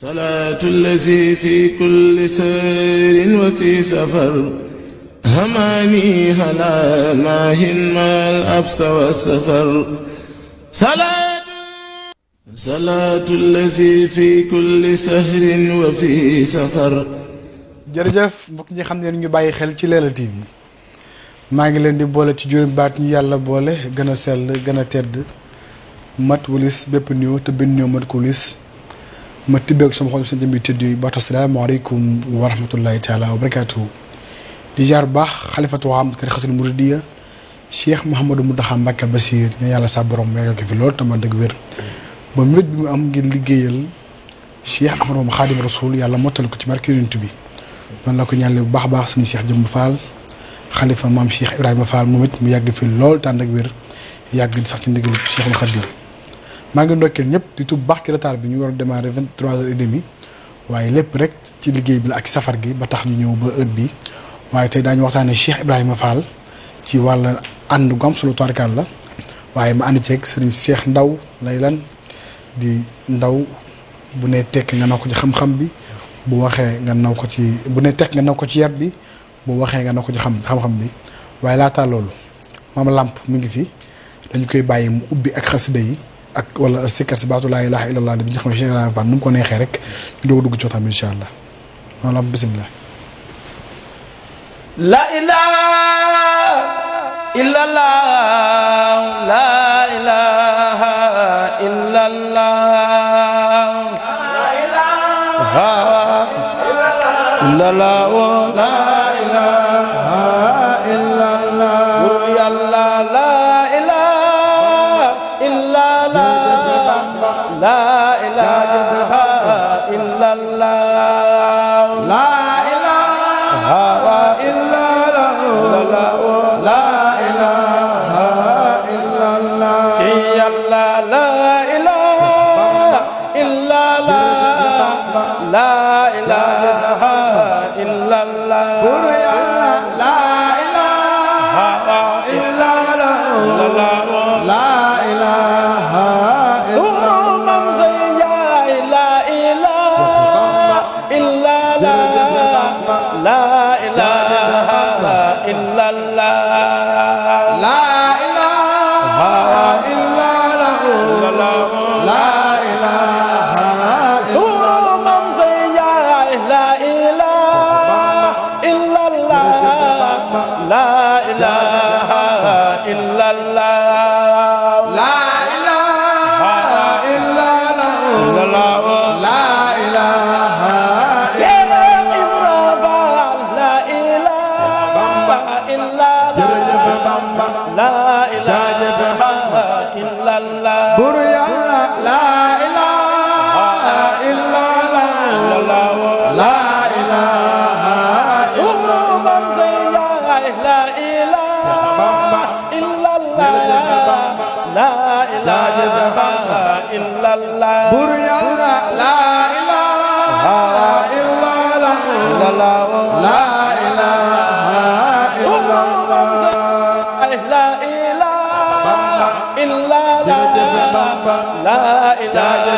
salaatu lazi fi kulli sayrin wa fi safar hamaani halaa maahin maal absa safar salaatu lazi fi kulli sayrin wa fi safar jërëjëf mbokk ñi xam ne ñu bàyyi xel ci Leral TV maa ngi leen di boole ci juróom baat ñu yàlla boole gën a sell gën a tedd mat wulis bépp néew te benn mat ko wulis ma tibbee sama xol sa jëm bi tëdd yooyu baatu asalaamaaleykum wa rahmatullahi taala wa barakaatuhu di jaar baax xalifatu am tarixatul muridiya cheikh Mouhamadou Mountakha Mbacké Bassir ñu yàlla sa borom yàggal ko fi lool te man dëgg wér. ba mit bi mu am ngir liggéeyal cheikh Ahmadou Bamba Xaadimu Rasuul yàlla mottali ko ci barke yonent bi. noonu la ko ñaanale bu baax a baax sëñ Cheikh Jëmb Fall xalifa maam Cheikh Ibrahima faal moom it mu yàgg fi lool te ànd ak wér yàgg sax ci ndigalu Cheikhul Xadim maa ngi ndokkeel ñëpp di tub baax ci retard bi ñu war a démarrer vingt trois heures et demi waaye lépp rek ci liggéey bi la ak safar gi ba tax ñu ñëw ba heure bi waaye tey daañu waxtaanee Cheikh Ibrahima Fall ci wàll ànd gu am solo tarkaal la waaye ma ànd ceeg sëriñ Cheikh Ndaw lay lan di ndaw bu ne tekk nga naw ko ci xam-xam bi bu waxee nga naw ko ci bu ne tekk nga naw ko ci yar bi bu waxee nga naw ko ci xam xam-xam bi waaye laataa loolu maam làmp mu ngi fi dañu koy bàyyi mu ubbi ak xasida yi ak wala sikkar si baatu laa ilaaha illallah bi nga xam ne Cheikh Ibrahima Fall nu mu ko neexee rek ñu doog a dugg ci waxtaan bi incha allah wala bisimilah. la ilaha illallah la ilaha illallah la ilaha illallah.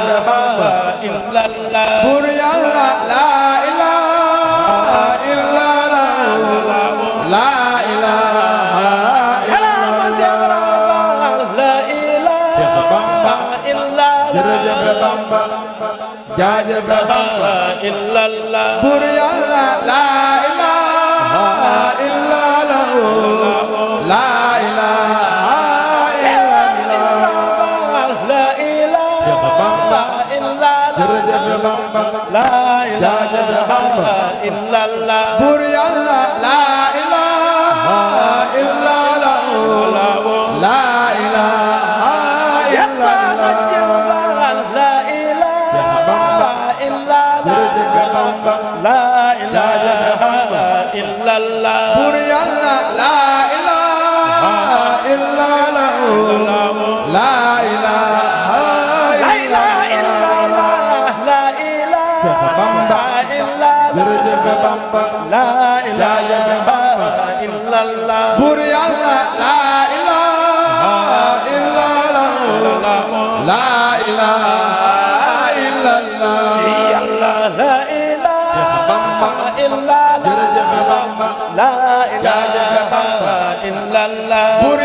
ذهب la buur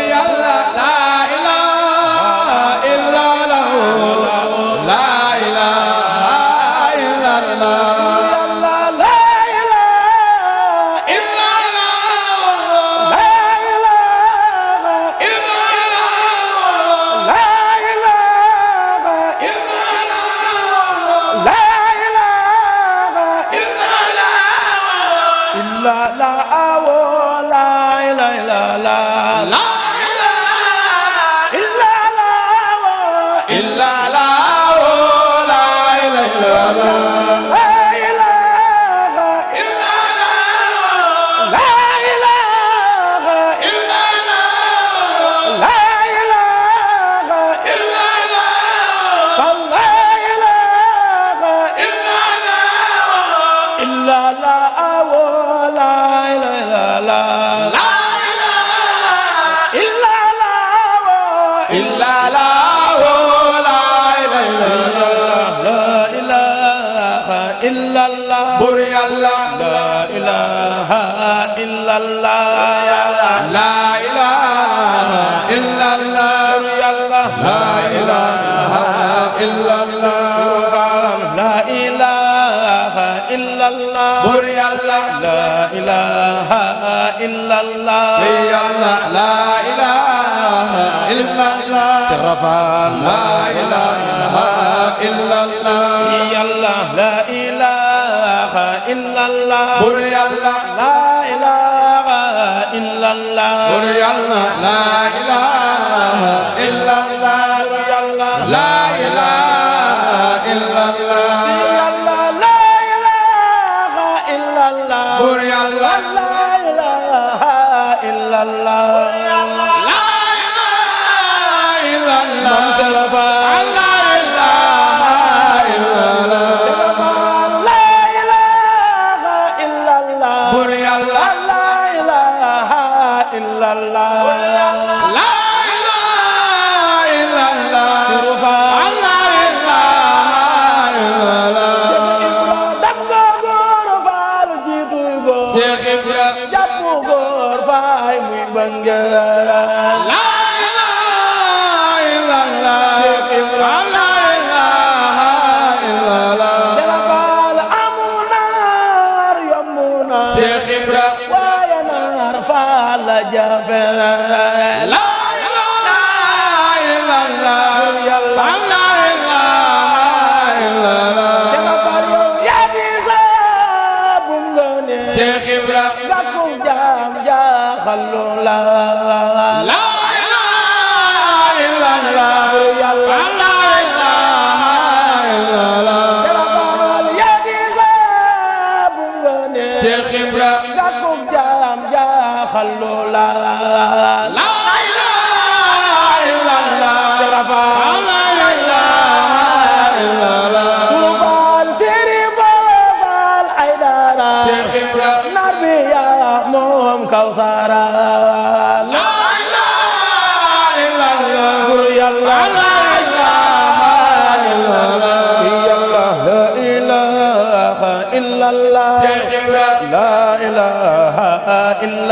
إلا الله لا إله إلا الله شرفا لا إله إلا الله لا إله إلا الله بري الله لا إله إلا الله بري الله لا إله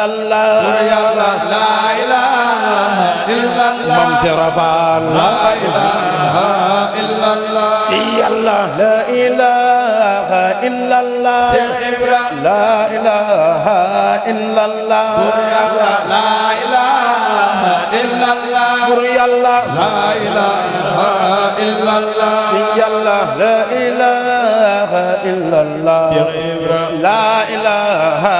illallah la ilaha illallah moom serafal la ilaha illallah ci yàlla la ilaha illallah la ilaha illallah la ilaha bur yàlla laa ilaaha illallah yàlla laa ilaaha illallah laa ilaaha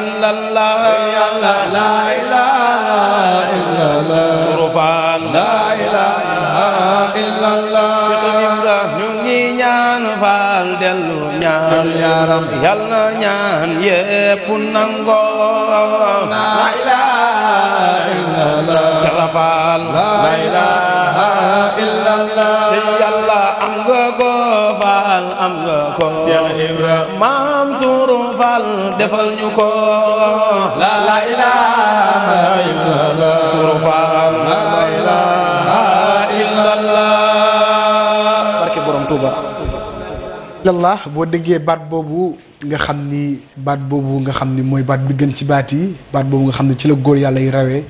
illallah yàlla laa ilaaha illallah surfaan laa ilaaha illallah ñu ngi ñaan faal dellu ñaan yaram yàlla ñaan yépp nangoo Serafal la ilaha illallah boo déggee baat boobu nga xam ni baat boobu nga xam ni mooy baat bi gën ci baat yi baat boobu nga xam ni ci la góor yàlla yi rawee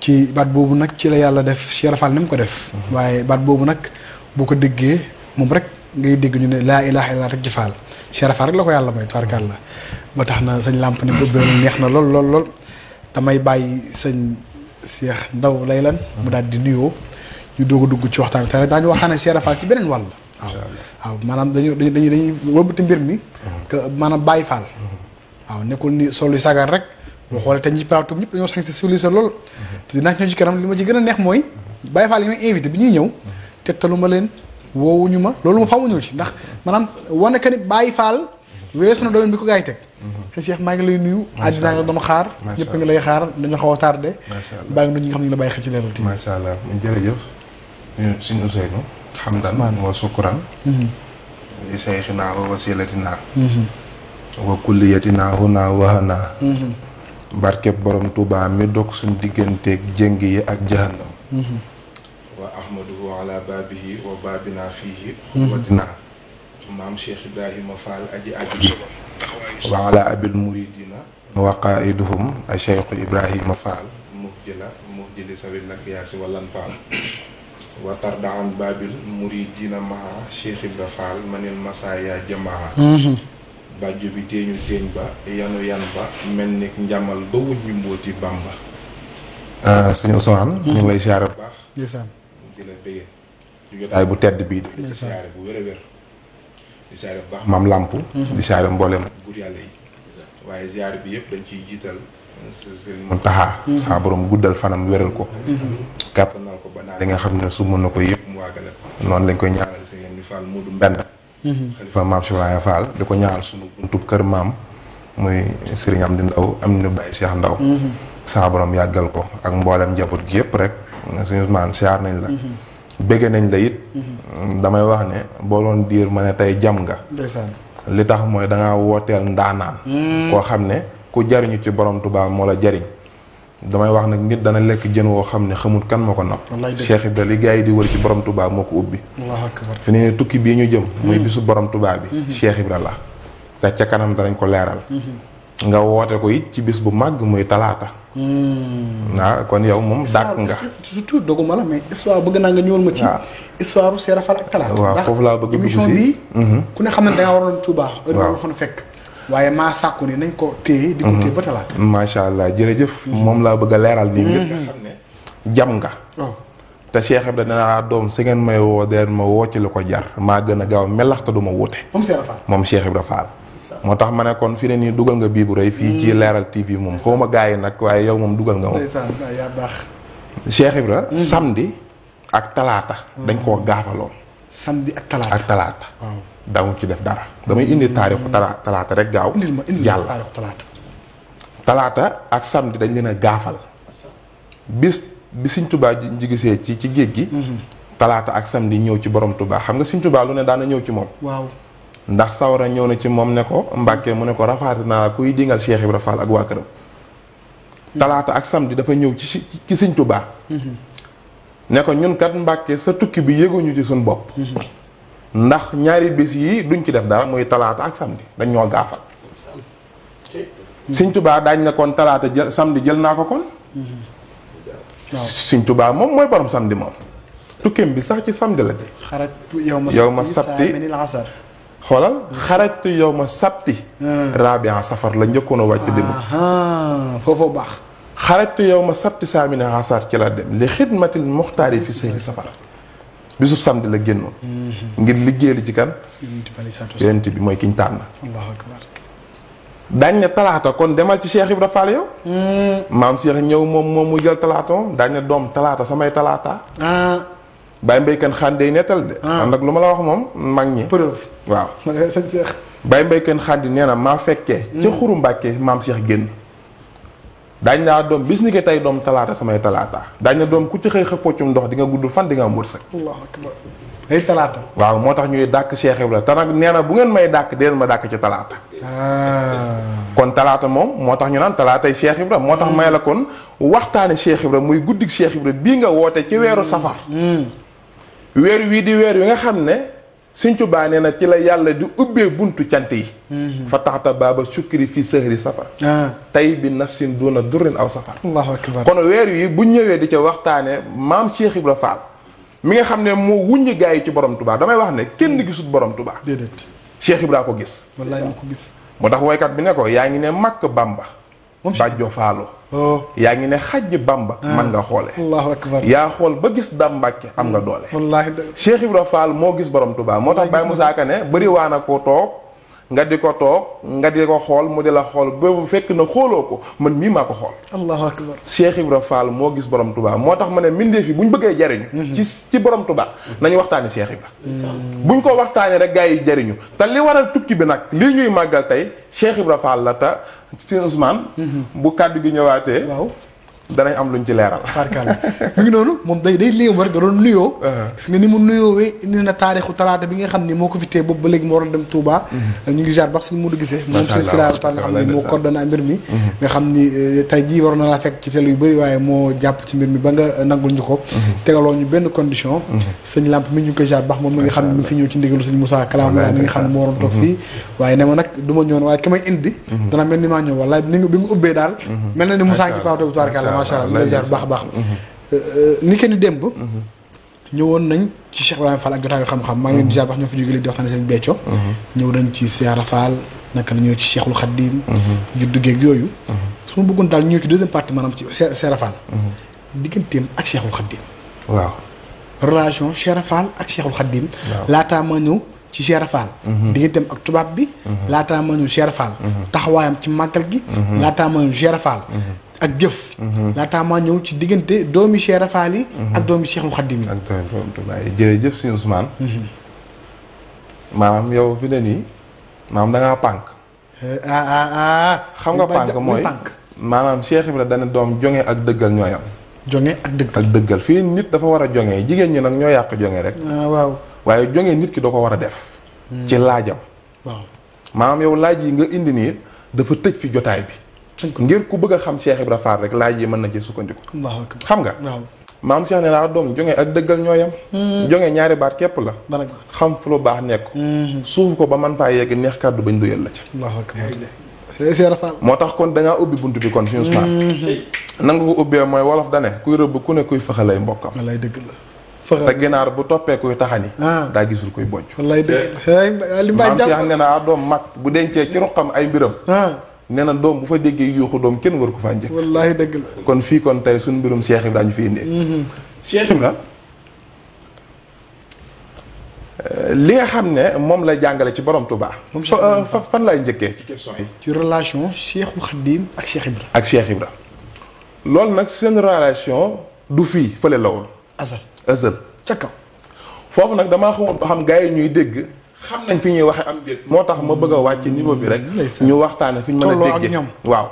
ci baat boobu nag ci la yàlla def Cheikh Rafal ni mu ko def. Mhm. waaye baat boobu nag boo ko déggee moom rek ngay dégg ñu ne laa ilaha illallah rek ci faal Cheikh Rafal rek la ko yàlla may tubaarkàlla ba tax na sëñ làmp ne bëbbeelu neex na lool lool lool damay bàyyi sëñ Cheikh Ndaw lay lan mu daal di nuyoo ñu doog a dugg ci waxtaan bi te daañu waxtaanee Cheikh Rafal ci beneen wàll. waaw waaw maanaam dañu dañuy dañuy wëlbati mbir mi. Mhm. que maanaam bàyyi faal. Mhm. waaw nekkul ni solu sagar rek. boo xoolee te ñi partout ñëpp dañoo sañ si civilisé lool te dinaa ñëw ci kanam li ma ci gën a neex mooy Baye Fall yi may invité bi ñuy ñëw tettalu ma leen woowuñu ma loolu ma faaw ma ñëw ci ndax maanaam wane que ni Baye Fall weesu na domaine bi ko gars yi teg te mhm. Cheikh maa ngi lay nuyu àddinaa nga doon xaar ñëpp ngi lay xaar dañu xaw a tardé bàyyi nga ñi nga xam ne ngi la bàyyi xel ci leeral ti macha allah jërëjëf eh, suñu Ousseynou xam daan wa sukuran mhm. li sayxinaa wa wasilatinaa mhm. wa kulliyatinaa hunaa wahanaa barkeb borom Touba mi dog suñ digganteeg jéng yi ak jahannam mhm. wa ahmaduhu ala baabihi wa baabina fiihi mhm. xurwatina maam Cheikh Ibrahima Fall aji aji wa ala abil muridina wa qaiduhum a Cheikh Ibrahima Fall muhjila muhjili sabil lak yaasi wallan Fall wa tardaan baabil muridina maa Cheikh Ibra Fall manil masaaya jamaa mhm. ba jobi teeñu teeñ ba yanu yan ba mel ni njàmmal ba wuñ ñu mbooti bàmba ah, sëñ Ousmane ñu ngi lay siyaare bu baax ndeysaan di la bu tedd bii di siyaare bu wér a wér di baax maam làmp mhm. di siyaare mboolem gur yàlla yi waaye siyaare bi yëpp dañ ciy jiital euh, sëriñ Mountakha mhm. saa borom guddal fanam wéral ko kàttanal mhm. ko ba naa li nga xam ne su mën na ko yëpp mu waagale ko noonu lañ koy ñaanal sëriñ ni Fall Modou Mbenda Mm-hmm. xalifa maam Cheikh Fall di ko ñaanal sunu buntu kër maam muy sëriñ Amdi Ndaw am na bàyyi Cheikh Ndaw mm-hmm. saa borom yàggal ko ak mboolem njaboot gi yëpp rek suñu maan siyaar nañ la mm-hmm. bëgg nañ la it damay wax ne boo doon diir ma ne tey jam nga li tax mooy dangaa wooteel ndaanaan mm. koo xam ne ku jariñu ci borom tubaab moo la jariñ damay wax nag nit dana lekk jën woo xam ne xamul kan moo ko napp Cheikh Ibra li gars yi di wër ci borom Touba moo ko ubbi fi ne tukki bii ñu jëm mhm. muy bisu borom Touba bi mhm. Cheikh Ibra la te ca kanam danañ ko leeral mhm. nga woote ko it ci bis bu màgg muy talaata waaw kon yow moom dàkk nga surtout doguma la mais histoire bëgg naa nga ñëwal ma ci histoire u Serafal ak talaata waaw foofu laa bëgg émission bi ku ne xam ne danga waroon Touba heure fekk waaye maa sàkku ni nañ ko téye. di ko téye ba talaata. Mm-hmm. macha allah jërëjëf. moom laa bëgg a leeral nii. ngir mm-hmm. nga xam ne jam nga. Oh. te Cheikh Ibrahima danaa doom si ngeen may woo ma woo ci lu ko jar maa gën a gaaw melax du ma wuute. moom Cheikh Ibrahima moo tax ma ne kon fi ne nii dugal nga bii bu rëy. fii ci mm-hmm. leeral TV moom xaw ma gars yi nag waaye yow moom dugal nga moom. ndeysaan yaa baax. Cheikh Ibrahima. ak talaata. dañ koo gaafaloon. samedi ak talaata ak talaata. daawu ci def dara. damay indi taarixu tala talaata rek gaaw. indil ma talaata ak samdi dañ leen a gaafal. bis bi Sëñ Tuubaa ji gisee ci ci géej gi. Mhm. talaata ak samedi ñëw ci borom tubaa xam nga siñ tubaa lu ne daana ñëw ci moom. waaw ndax sawara ñëw na ci moom ne ko Mbàkke mu ne ko rafaati naa kuy dingal Cheikh Ibra Fall ak waa këram. Mhm. talaata ak samedi dafa ñëw ci ci Sëñ Tuubaa. Mhm. ne ko ñun kat Mbàkke sa tukki bi yëguñu ci suñu bopp. ndax ñaari bis yii duñ ci def daal muy talaata ak samedi dañoo ñoo gaafal sëñ tubaa daañ na kon talaata jël samedi jël naa ko kon sëñ tubaa moom mooy borom samedi moom tukkeem bi sax ci samedi la de yow ma sabti xoolal xarajtu yow ma sabti ah. rabian safar la njëkkoon a wàcc dem foofu baax xarajtu yow ma sabti saamine asar ci la dem li xidmatil muxtaari fi sëy safar bisub samedi la génnoon. Mhm. ngir liggéeyal ci kan. yonent bi mooy kiñ tànn. allahu akbar. daañ ne talaata kon demal ci Cheikh bi Fall yow. Hmm. maam Cheikh ñëw moom moom mu jël talaatoom daañ ne doom talaata samay talaata. Ah. bàyyi mbéykan xaan day nettal de. am ah. nag lu ma la wax moom mag ñi. preuve waaw. sëñ Cheikh. bàyyi mbéykan xaan nee na maa fekkee. ca hmm. xuru Mbàkke maam Cheikh génn. daañ naa doom bis ni tey doom talaata samay talaata dañ na doom ku ci xëy xëppoccum ndox di nga gudd fan di nga am wërsëg ay talaata waaw moo tax ñuy dàkk Cheikh Ibra te nag nee na bu ngeen may dàkk deen ma dàkk ci talaata ah. kon talaata moom moo tax ñu naan talaatay Cheikh Ibra moo tax may la kon waxtaane Cheikh Ibra muy guddig Cheikh Ibra bii nga woote ci weeru safar mm. Mm. weer wii di weer wi nga xam ne Sëñ Tuubaa nee nag ci la yàlla di ubbee buntu cant yi mhm. fa taxta baaba sukkiri fii sëhri safar ah. tey bi nafsin duuna durrin aw safar allahu akbar kon weer yi bu ñëwee di ca waxtaane maam Cheikh la Fall mi nga xam ne moo wuññi gaa yi ci borom tubaa damay wax ne kenn mm. gisut borom Tuubaa déedéet Cheikh Ibra ko gis wallaay mu ko gis moo tax woykat bi ne ko yaa ngi ne màkk Bamba bàjjo faalo oh. yaa ngi ne xajj bamba ah. man nga xoole yaa xool ba gis dam mbàkke am nga doole wallaahi Cheikh Ibra moo gis borom Tuubaa moo tax Baye Moussa Ka ne bëri waa na ko toog nga di ko toog nga di ko xool mu di la xool boobu fekk na xooloo ko man mii maa ko xool allahu akbar Cheikh Ibra Fall moo gis borom tubaab moo tax ma ne mbindeef yi bu ñu bëggee jariñu mhm. ci ci borom Touba mhm. nañu waxtaani Cheikh Ibra mm. buñ ko waxtaanee rek gars yi jariñu te li waral tukki bi nag lii ñuy màggal tey Cheikh Ibra la te Sëñ mhm. bu kàddu gi ñëwaatee waaw danañ am luñ ci leeral. farkaal mi ngi noonu moom day day léegi rek da doon nuyoo. Uh-huh. gis nga ni mu nuyoowee indi na taarixu talaata bi nga xam ni moo ko fi tee boobu ba léegi mu waroon dem Touba. Uh-huh. ñu ngi jaar bax suñu mënu gisee. moom seen siraar taal nga xam ni moo coordonné mbir mi. Uh-huh. Eh, ci télé yu bëri waaye moo jàpp ci mbir mi ba nga eh, nangul ñu ko. tegaloo ñu benn condition. sëñ Lamp mi ñu ngi koy jaar bax moom mi nga xam ne mi fi ñëw ci ndigalu sëñ Moussa Kalamoula mi nga xam ne moo waroon toog fii waaye ne ma nag du ma waaye ki may indi dana mel ni maa ñëw wallaay ni nga bi nga ubbee daal mel na ni macha allah ñu lay jaar baax baax. Euh, euh, ni kenn démb. ñëwoon nañ ci Cheikh ak jotaayu xam-xam. maa ngi leen di jaar baax ñoo fi jógee di waxtaanee seen becco. ñëw nañ ci Siyaara Fall naka la ñëw ci Cheikhul Khadim. juddu geeg yooyu. ma bëggoon daal ñëw ci deuxième partie maanaam ci Siyaara Fall. digganteem ak Cheikhul ma ñëw. ci Cheikh Fall. Mhm. digganteem ak tubaab bi. Mhm. laataa ñëw Cheikh mhm. taxawaayam ci màggal gi. laataa ñëw Cheikh Fall. ak jëf. Mhm. laataa maa ñëw ci diggante doom Cheikh Rafaal yi. Mhm. ak doomi Cheikh Mouhadim yi. ak doomi Touba yi jërëjëf suñu Ousmane. Mhm. yow fi ne nii maanaam da pànk. Eh, ah, ah, ah. xam nga pànk mooy maanaam bi Ibra dana doom jonge ak dëggal ñooy am. jonge ak dëggal fii nit dafa war a jonge jigéen ñi nag ñoo yàq jonge rek. waaw waaye jonge nit ki doo ko war a def. Hmm. ci laajam. waaw maanaam yow laaj yi nga indi nii dafa tëj fi jotaay bi. ngir ku bëgg a xam Cheikh Ibra Fall rek laaj yi mën na ci sukkandiku xam nga maam Cheikh ne laa doom jonge ak dëggal ñoo yam hmm. jonge ñaari baat képp la xam fu lu baax nekk hmm. suuf ko ba man faa yegg neex kàddu bañ doyal la ca eh, moo tax kon dangaa ubbi bunt bi kon fi Ousmane nanga ko mooy wolof dane kuy rëbb ku ne kuy fëxalay mbokkam wallaay dëgg la te ginaar bu toppee kuy taxani ah. daa gisul kuy bojj wallaay dëgg la eh, maam Cheikh ne laa ah, doom mag bu dencee ci ruqam ay mbiram ah. nee na doom bu fa déggee yuuxu doom kenn war ko faa njëkk. wallaahi dëgg la. kon fii kon tey suñu mbirum Cheikh Ibra daañu fi indi. Mm-hmm. Cheikh Ibra euh, li nga xam ne moom la jàngale ci borom tubaa moom euh, fan laay njëkkee ci yi. ci relation Cheikhou Khadim ak Cheikh Ibra. ak Cheikh Ibra loolu nag seen relation du fii fële la woon. asal asal ca kaw. foofu nag damaa xamoon ba xam gars ñuy dégg. xam nañ fi ñuy waxee am déet moo tax ma bëgg a wàcc niveau bi rek ñu waxtaane fi ñu mën a déggee waaw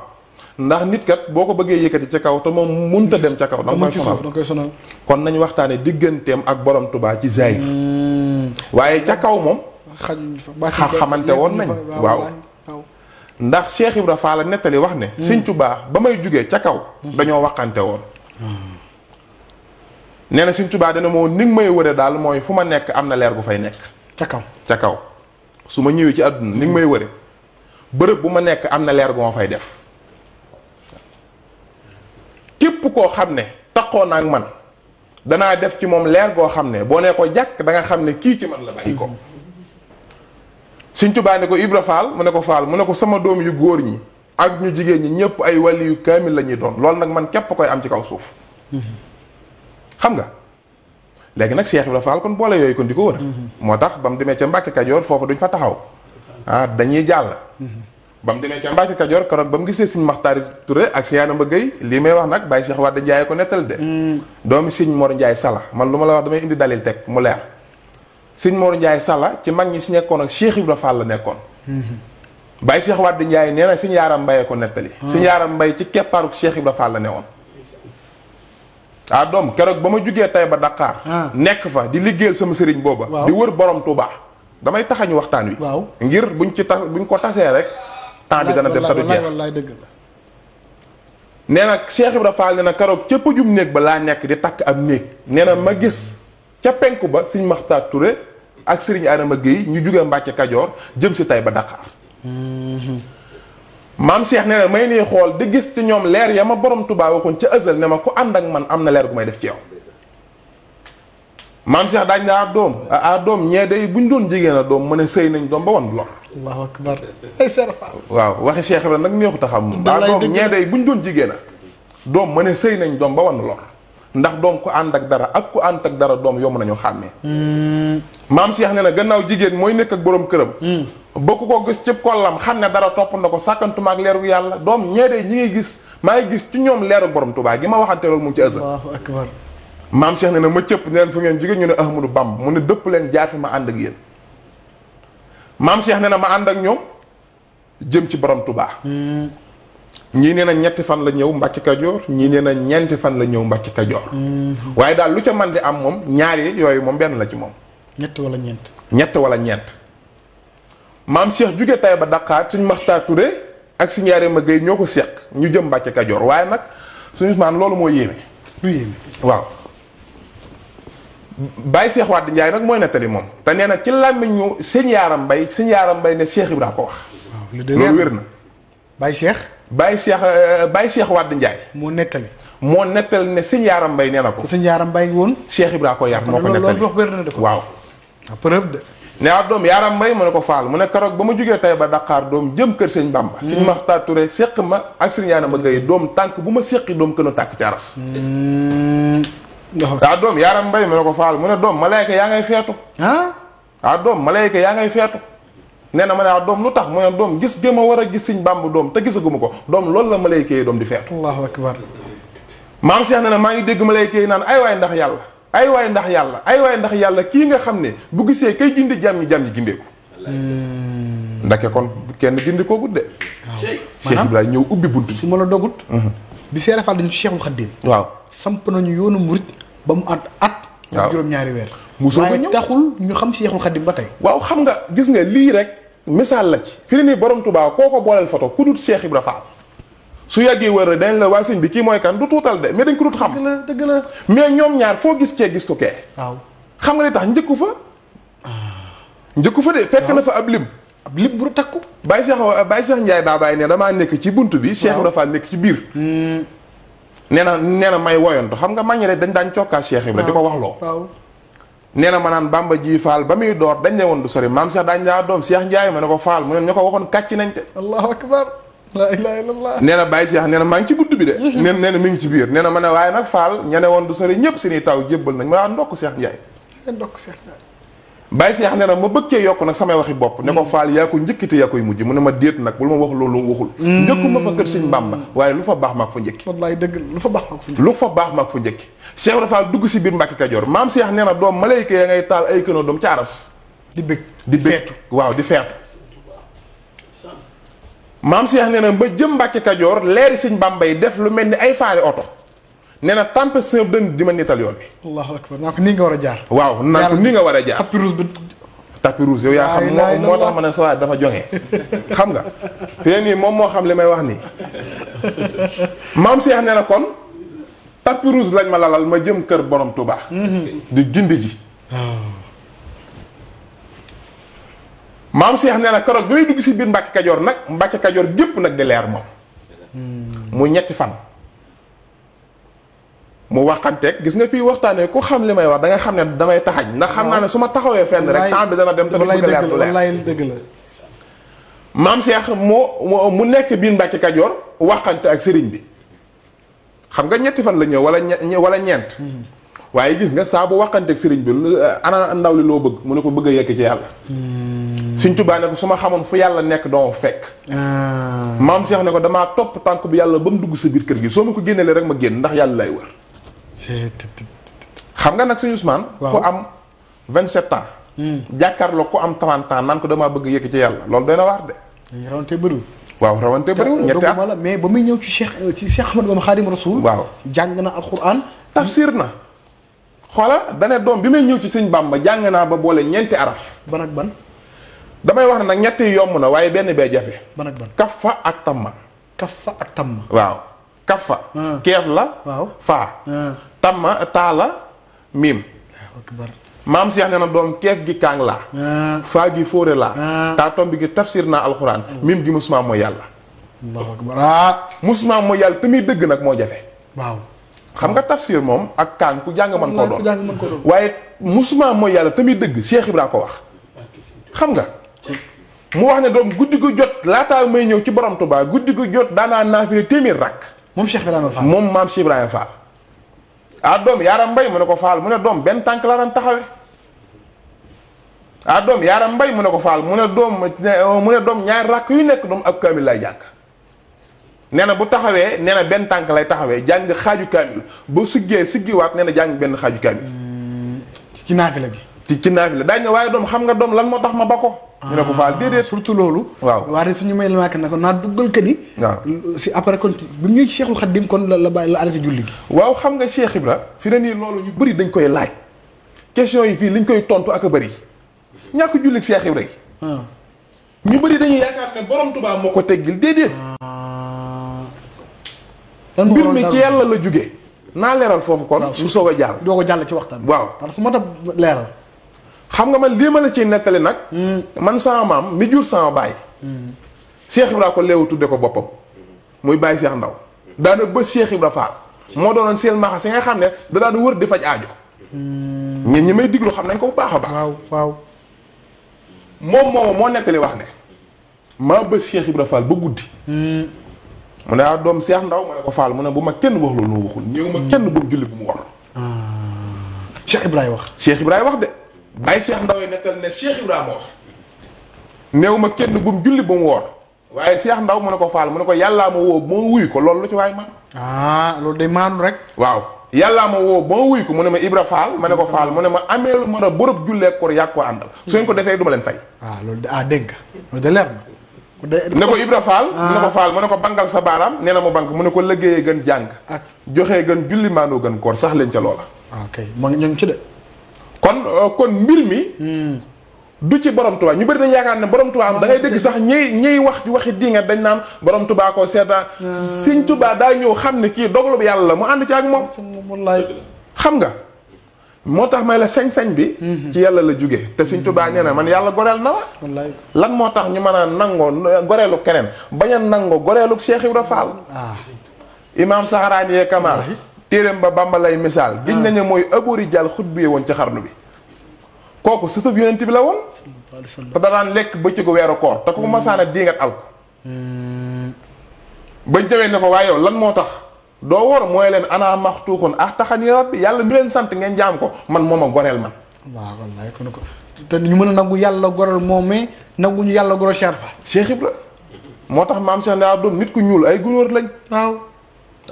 ndax nit kat boo ko bëggee yëkkati ca kaw te moom munta dem ca kaw danga koy sonal kon nañ waxtaane digganteem ak borom tubaa ci zahir hmm. waaye ca kaw moom xa xamante woon nañ waaw ndax Cheikh Ibra nettali wax ne hmm. sëñ tubaa ba may jógee ca kaw hmm. dañoo waxante woon nee na sëñ tubaa dana moo ni may wëre daal mooy fu ma nekk am na leer gu fay nekk ca kaw ca kaw su ma ñëwee ci àdduna ni may wëre bërëb bu ma nekk am na leer gu ma fay def képp koo xam ne taxoon naa ak man danaa def ci moom leer goo xam ne boo nee ko jàkk da nga xam ne kii ci man la bàyyi ko Sëñ Tuubaa ne ko Ibra Faal mu ne ko Faal mu ne ko sama doom yu góor ñi ak ñu jigéen ñi ñëpp ay wali yu kaamil la ñuy doon loolu nag man képp koy am ci kaw suuf mm-hmm. xam nga léegi nag Cheikh Ibrahima faal kon boole yooyu kon di ko wër. Mhm. moo tax ba demee ca Mbàkke Kajoor foofu duñ fa taxaw. ah dañuy jàll. Mhm. ba demee ca Mbàkke Kajoor keroog ba mu gisee Sëñ Maxtaar Touré ak Cheikh Yanamba Gueye lii may wax nag Baye Cheikh Wade Ndiaye ko nettal de. Mhm. doomi Sëñ Mor Ndiaye Sala man lu ma la wax damay indi dalil teg mu leer. Sëñ Mor Ndiaye Sala ci mag ñi si nekkoon ak Cheikh Ibrahima Fall la nekkoon. bay Baye waat Wade Ndiaye nee na Sëñ Yaaram Mbaye ko nettali. Ah. Sëñ Yaaram mbay ci keppaaru Cheikh Ibrahima Fall la woon ah doom keroog ba ma jugee tay ba Dakar. Ah. nekk fa di liggéeyal sama sëriñ booba. di wër borom Touba. damay taxañu waxtaan wi. waaw ngir buñ ci tas buñ ko tasee rek. temps di dana dem sa du jeex wallaay dëgg la. nee na Cheikh Ibra Fall nee na keroog ca pëjum néeg ba laa nekk di takk am néeg. nee na ma gis ca penk ba sëñ Maxtaar Touré ak sëriñ Adama Guèye ñu jugee Mbàcke Kajoor jëm si tay ba Dakar. Mhm. maam Cheikh nee na may nii xool di gis ci ñoom leer ya ma borom Tuubaa waxoon ca ësal ne ma ku ànd ak man am na leer gu may def ci yow. maam Cheikh daañu ne ah doom ah doom ñee day buñ doon jigéen doom mu ne nañ doom ba wan waaw waxi Cheikh Ibrahima nag neexut a xam. ah doom ñee day buñ doon jigéen a doom mu ne sëy nañ doom ba wan lor. ndax doom ku ànd ak dara ak ku ànd ak dara doom yomb nañu xàmmee. Hmm. maam Cheikh ne na gannaaw jigéen mooy nekk ak borom këram. Hmm. bokk ko gis cëb kollam xam ne dara topp na ko sàkkantuma ak leeru yàlla doom ñeedee ñi ngi gis maa ngi gis ci ñoom leeru borom Tuubaa gi ma waxante loolu mu ngi ci ësa maam Cheikh ne na ma cëpp ne leen fu ngeen jóge ñu ne Ahmadou Bamb mu ne dëpp leen jaar ma ànd ak yéen maam Cheikh ne na ma ànd ak ñoom jëm ci borom tubaa hmm. ñii nee na ñetti fan la ñëw Mbàcc Kajoor ñii nee na ñeenti fan la ñëw Mbàcc Kajoor mm-hmm. waaye daal lu ca man di am moom ñaari yooyu moom benn la ci moom ñett wala ñeent ñett wala ñeent maam Cheikh jóge ba Dakar suñ Maxtaar Touré ak suñ yaare ma gay seq ñu jëm Mbàcc waaye nag suñu loolu moo yéeme lu yéeme waaw Baye Cheikh Wade Ndiaye nag mooy nettali moom te nee na ci làmmiñ ñu sëñ Yaaram Mbay sëñ Yaaram Mbay ne Cheikh Ibra ko wax loolu wér na Baye Baye Cheikh euh, Baye Cheikh Wade Ndiaye. moo nettali. moo nettali ne sëñ Yaaram mbay nee na ko. te sëñ Yaaram Mbaye woon. Cheikh Ibra ko yar moo ko nettali loolu ko. waaw. preuve de. ne ah doom Yaaram mbay mu ne ko faal mu ne keroog ba ma jógee tey ba Dakar doom jëm kër sëñ Bamba. Hmm. sëñ Maxtaar Touré seq ma ak sëñ Yaaram ma doom tànk bu ma seqi doom kën tàkk ci aras. ah doom Yaaram Mbaye mu ko faal mu ne doom malayka yaa ngay feetu. ah doom malayka yaa ngay feetu. nee na ma ne ah doom lu tax mu ne doom gis gëma war a gis siñ bàmb doom te gisaguma ko doom loolu la malayka yi doom di feetu allahu akbar maam Cheikh ne na maa ngi dégg malayka yi naan ay waay ndax yàlla ay waay ndax yàlla ay ndax yàlla kii nga xam ne bu gisee kay gindi jàmm yi jàmm yi gindeeku hmm. ndake kon kenn gindi koo gudde waaw Cheikh Ibrahima ñëw ubbi bunt su ma la dogut mhm. bi seerafal dañu Cheikhul Khadim waaw samp nañu yoonu murit ba mu at at juróom-ñaari weer mu soog a ñëw ñu xam Cheikhul Khadim ba tey. waaw xam nga gis nga lii rek misaal la ci. fi nii borom Tuubaa koo ko booleel foto ku dut Cheikh Ibra Fall su yàggee wër rek dañ la waa sëñ bi kii mooy kan du tuutal de mais xam. dëgg la dëgg la mais ñoom ñaar foo gis kee gis ko kee. waaw xam nga li tax njëkku fa. njëkk fa de fekk na fa ab lim. ab lim bu takku. Baye Cheikh Baye Cheikh Ndiaye daa bàyyi ne damaa nekk ci bunt bi. Cheikh Ibra nekk ci biir. Hmm. nee na nee na may woyantu xam nga mañ rek dañ daan cokkaa Cheikh Ibra di ko wax loo nee na ma naan ji faal ba muy door dañ ne woon du sori maam Cheikh daañu daa ah doom Cheikh Ndiaye ma ne ko faal mu ne ña ko waxoon kàcc nañ te. allahu akbar. la ilaha illallah. nee na Baye Cheikh nee na maa ngi ci budd bi de. Mhm. nee na nee mi ngi ci biir nee na ma ne waaye nag faal ña ne woon du sori ñëpp seeni taw jébbal nañ ma ah ndokk Cheikh Ndiaye. ndokk Cheikh Ndiaye. Baye Cheikh nee na ma bëgg yokk nag samay waxi bopp ne ko mm. faal yaa ko njëkkite yaa koy mujj mu ne ma déet nag bul ma wax loolu waxul mm. njëkkuma fa kër sëñ Bamba waaye lu fa baax maag fa njëkki wallaay dëgg lu fa dugg si biir Mbàkke Kajoor maam Cheikh nee na doom malayka ya ngay taal ay këno doom ca di bëgg di feetu waaw di feetu maam Cheikh nee ba jëm Mbàkke Kajoor leeri sëñ Bamba yi def lu mel ni ay faari oto nee na température dënn di ma niital yoon bi. naa ko nii nga war a jaar. waaw naa ko nii nga war a jaar. tapis rouge bi. tapis rouge yow yaa xam moo moo tax ma ne sa waay xam nga nii moom moo xam li may wax nii maam Cheikh nee na kon tapis rouge lañ ma lalal ma jëm kër borom Touba. di gindi ji. maam Cheikh nee na keroog bi may dugg si biir Mbacke Kajoor nag Mbacke Kajoor gépp nag di leer moom. mu ñetti fan. mu waxanteeg gis nga fii waxtaanee ku xam li may wax da nga xam ne damay taxañ ndax xam naa ne su ma taxawee fenn rek temps bi dana dem te wallaay dëgg la maam Cheikh moo mu nekk biir Mbàkke Kajoor waxante ak sëriñ bi xam nga ñetti fan la ñëw wala wala ñeent hmm. gis nga saa bu sëriñ bi eh, ana ndaw li loo bëgg mu ne ko bëgg yekk ci yàlla hmm. Sëriñ Tuubaa su ma xamoon fu yàlla nekk doo fekk ah. maam Cheikh ne ko damaa topp tànk bi yàlla ba mu dugg sa biir kër gi soo ma ko génnelee rek ma génn ndax yàlla lay wër xam nga nag suñu Ousmane. waaw ku am 27 ans. Hmm. jàkkaarloo ku am 30 ans naan ko damaa bëgg yëkk ci yàlla loolu doy na waar de. rawante bëriwul. waaw rawante bëriwul ñetti at la mais ba muy ñëw ci Cheikh ci Cheikh Ahmadou Bamba Khadim Rasoul. waaw jàng na alxuraan. tafsir na. xoola dane doom bi may ñëw ci sëñ Bamba jàng naa ba boole ñeenti araf. ban ak ban. damay wax ne nag ñetti yomb na waaye benn bee jafe. ban ak ban kaffa ak tamma. kaffa ak tamma waaw. kafa ah. keer la faa ah. tamma taa la miim maam si ne na doom keef gi kaang la ah. faa gi fóore la taa tomb gi tafsir naa alxuraan miim gi musumaa mooy yàlla allahu akbar musumaa mooy yàlla te muy dëgg nag moo jafe waaw xam nga tafsir moom ak kaang ku jàng mën koo doon waaye musumaa mooy yàlla te muy dëgg Cheikh Ibra ko wax xam nga mu wax ne doom guddi gu jot laataa may ñëw ci borom Tuubaa guddi gu jot daanaa naafile téeméer rakk moom Cheikh Ibrahima Fall moom maam Cheikh Ibrahima Fall. ah doom yaaram mbay mu ne ko faal mu ne doom benn tànk la daan taxawe ah doom yaaram mbay mu ne ko faal mu ne doom mu ne doom ñaari rakk yu nekk doom ak kaamil lay jàng nee na bu taxawee nee na benn tànk lay taxawee jàng xaaju kaamil ba siggee siggiwaat nee na jàng benn xaaju kaamil. Mm, ci naafila bi. ci ci naafila waaye doom xam nga doom lan moo tax ma ba ko. ñu ne ko faal ah. déedéet. surtout loolu. waaw waaye suñu may la waakee na ko naa duggal que ni. waaw si après kon bi mu ñëw ci Cheikhul kon la la bàyyi la arrêté julli waaw xam nga Cheikh Ibra fi ne nii loolu ñu bëri dañ koy laaj question yi fii liñ koy tontu ak a ñàkk julli Cheikh Ibra gi. Ah. ñu bëri dañuy yaakaar ne borom moo ko teggil déedéet. Ah. mbir mi ci yàlla la jóge naa leeral foofu kon. lu soog a jàll doo ko jàll ci waxtaan. waaw su ma a leeral. xam nga man lii ma la ciy nettali nag. man sama maam mi jur sama baay. Cheikh Ibra ko leewu tudde ko boppam. muy Baye Cheikh Ndaw daanaka ba Cheikh Ibra Fall. moo doonoon seen maxa si nga xam ne da daan wër di faj aajo. ñun ñi may diglu xam nañ ko moo nettali wax ne. maa bës Cheikh Ibra Fall guddi. mu ne ah doom Cheikh Ndaw ma ko Fall mu ne bu ma kenn wax loolu waxul. ñëw bu mu julli bu mu war. Ah. Cheikh Ibrahima wax. Cheikh wax de. bàyyi Cheikh Ndao nettal ne Cheikh Ibrahima wax néew ma kenn bu mu julli bu mu woor waaye Cheikh ndaw mu ne ko faal mu ne ko yàllaa ma woo moo wuyu ko loolu lu ci waay man ah loolu day rek. waaw yàllaa ma woo moo wuyu ko mu ne ma Ibra ma ne ko faal mu ne ma ameel ma a bërëb jullee ko yàgg ko àndal su defee du ma leen fay. ah loolu de ah dégg nga de leer na. ne ko Ibra Faal mu ah. ne ko Faal mu ne ko bangal sa baaraam nee na mu bank mu ne ko liggéeyee gën jàng ah. joxee gën julli maanoo gën koor sax leen ca loola ah, ok ma ngi ci de kon euh, kon mbir mi. Hmm. du ci borom tubaa ñu bëri dañu yaakaar ne borom tubaa am dangay ngay dégg sax ñiy ñiy wax dii nga dañ naan borom tubaa ko seetaan hmm. sëñ tubaa daa ñëw xam ne kii dogalu bi yàlla la mu ànd ci ak moom xam nga moo tax may la sañ-sañ bi hmm. ci yàlla la jóge te sëñ tubaa nee na man yàlla goreel na ma lan moo tax ñu mën a nangoo goreelu keneen bañ a nangoo goreelu Cheikh Ibra Fall ah. imaam Saharaani yee Kamaal téeréem ba Bàmba lay misaal. Ah. giñ nañu mooy abori jàll xut bi woon ci xarnu bi. kooku sëtub yonent bi la woon. te danaan lekk bëccëgu weeru koor te ku masaana hmm. diingat al ko. Hmm. bañ jawee ne ko waaye yow lan moo tax. doo wóor mooy leen ana maxtuuxun ah taxani rabbi yàlla mi leen sant ngeen jaam ko man moom a goreel man. te ñu mën a nangu yàlla goreel moom mais nangu yàlla goro Cheikh fa Cheikh Ibra moo tax maam Cheikh Ndao doon nit ku ñuul ay gunóor lañ. waaw.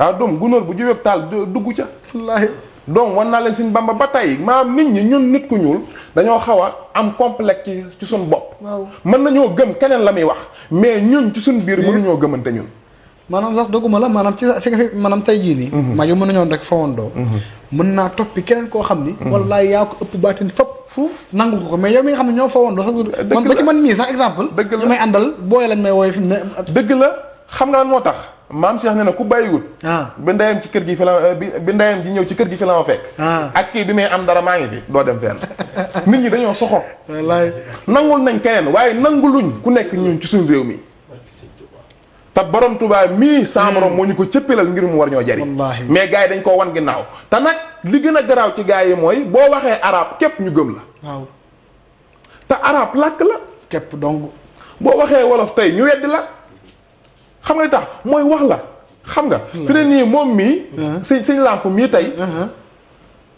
ah doom gunóor bu jiweeg taal dugg ca. wallaahi doom war naa leen suñ bamba ba tey maam nit ñi ñun nit ku ñuul dañoo xaw a am complexe ci ci suñ bopp. waaw na ñoo gëm keneen la muy wax mais ñun ci suñ biir ñoo gëmante ñun. maanaam sax doguma la maanaam ci fi nga jii nii. Mhm. maa ngi mën nañoo rek fawandoo. Mhm. mën naa toppi keneen koo xam ni. Mhm. wallaahi yaa ko ëpp baatin fop fuuf nangul ko ko mais yow mi xam ne ñoo fawandoo sax. dëgg la man ba ci man mii sax exemple. dëgg la ñu may àndal booy lañ dëgg la xam nga lan moo tax maam Cheikh ne na ku bàyyiwut ah. bi ndeyam ci kër gi fi la eh, bi ndeyam di ñëw ci kër gi fi la ma fekk ah. ak kii bi may am dara maa ngi fi doo dem fenn nit ñi dañoo soxor nangul nañ keneen waaye nanguluñ ku nekk ñun ci suñu réew mi te borom tubaab mii sa borom hmm. moo ñu ko cëppilal ngir mu war ñoo jariñ mais gars yi dañ koo wan ginnaaw te nag li gën a garaaw ci gars yi mooy boo waxee araab képp ñu gëm la waaw te arab làkk la képp dong boo waxee wolof tey ñu weddi la xam nga tax mooy wax la xam nga. fi ne nii moom mii. Uh-huh. si si làmp mii tey. Uh-huh.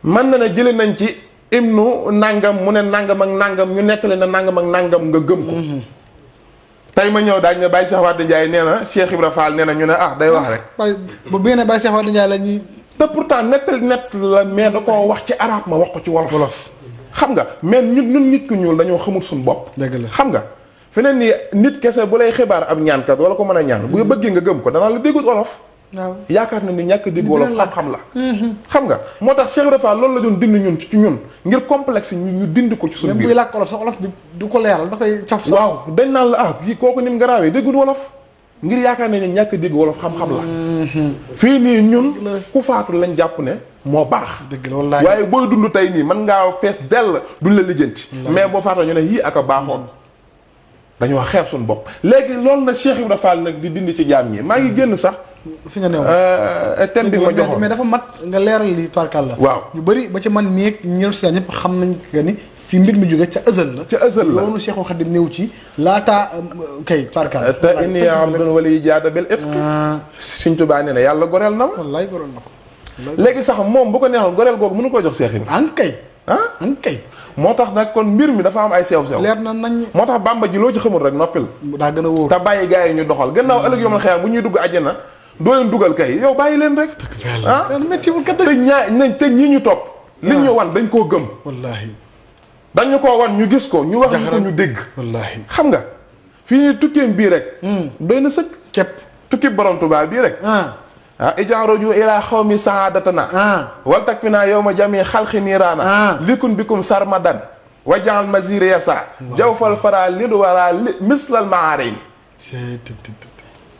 mën na ne jëlee nañ ci hymne nangam mu ne nangam ak nangam ñu nettali na nangam ak nangam nga gëm uh-huh. tey ma ñëw daañu ne Baye Cheikh Wade Ndiaye nee na Cheikh Ibra faal nee na ñu ne ah day wax rek. bu bu Baye Cheikh Wade Ndiaye la ñuy. te pourtant nettali nett la mais da koo wax ci arab ma wax ko ci wolof. xam nga mais ñu ñun nit ku ñuul dañoo xamul suñu bopp. dëgg la xam nga. feneen ni nit kese bu lay xibaar ab ñaankat wala ko mën a ñaan bu bëggee nga gëm ko danaa la déggul olof yaakaar na ni ñàkk dégg wolof xam-xam la mm-hmm. xam nga moo tax Cheikh Rafa loolu la doon dind ñun ci ñun ngir complexe ñu dind ko ci suñu biir buy làkk olof sax olof bi du ko leeral da koy caf waaw dañ naan la ah kii kooku ni mu garaawee déggul wolof ngir yaakaar ne ñàkk dégg wolof xam-xam la mm-hmm. fii nii ñun ku faatu lañ jàpp ne moo baax dëgg la waaye booy dund tey nii man ngaa fees dell duñ la lijjanti mais boo faatoo ñu ne yii ak a baaxoon dañoo xeeb suñu bopp léegi loolu na Cheikh Ibrahima Fall nag bi dindi ci jaam ñi maa ngi génn sax. fi nga newoon euh, thème bi ma joxoon mais dafa mat nga leeral li tarkal la. waaw ñu bëri ba ci man mii ak ñëw si xam nañ que ni fi mbir mi jóge ca ëzël la. ca ëzël la loolu Cheikh Xadim néew ci laataa euh, kay tarkal. te inni abdun wala yi jaada bel iq. suñ Tuubaa nee na yàlla goreel na ma. wallaay goreel na ko. léegi sax moom bu ko neexoon goreel googu mënu koo jox Cheikh Ibrahima. an kay. ah kay moo tax nag kon mbir mi dafa am ay sew sew leer na nañ moo tax bàmba ji loo ci xamul rek noppil daa gën a wóor te bàyyi gaa yi ñu doxal gannaaw ëllëg yomal xeyaam bu ñuy dugg na doo leen dugal kay yow bàyyi leen rek ah te ñaa nañ te ñi ñu topp li ñu ah. wan dañ koo gëm wallaahi dañu ko wan ñu gis ko ñu wax ñu ko ñu dégg wallaahi xam nga fii tukkeem bii rek hmm. doy na sëkk képp borom Tuubaa bii rek ah. ah ijan roju ila xawmi saadatana ah. wal takfina yawma jami xalqi niiraana ah. likun bikum sarmadan wa jaal masiri yasa jawfal fara lil wara mislal maarayni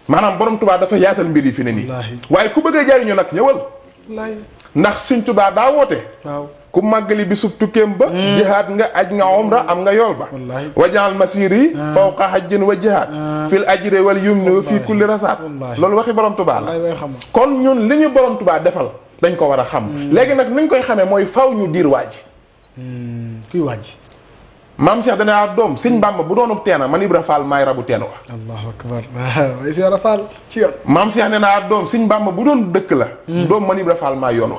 maanaam borom tubaa dafa yaatal mbir yi fi ne nii waaye ku bëggee a ñu nag ñëwal ndax suñ tubaa daa woote ku màggali bisub tukkeem ba hmm. jihaad nga aj nga omra am nga yool ba wajaal masiri hmm. fawqa jën wa jihaad hmm. fil ajri wal yumni wa fii kulli rasaat loolu waxi borom tubaa la kon ñun li ñu borom tubaa defal dañ ko war a xam léegi nag nuñ koy xamee mooy faw ñu diir waaj kuy waaj maam Cheikh dana a doom sëñ Bàmba bu doonub teena man Ibra Fall maay rabu teen wa allahu akbar waaw Ibra Fall ci yoon maam Cheikh dana a doom sëñ Bàmba bu doon dëkk la doom man Ibra Fall maay yoon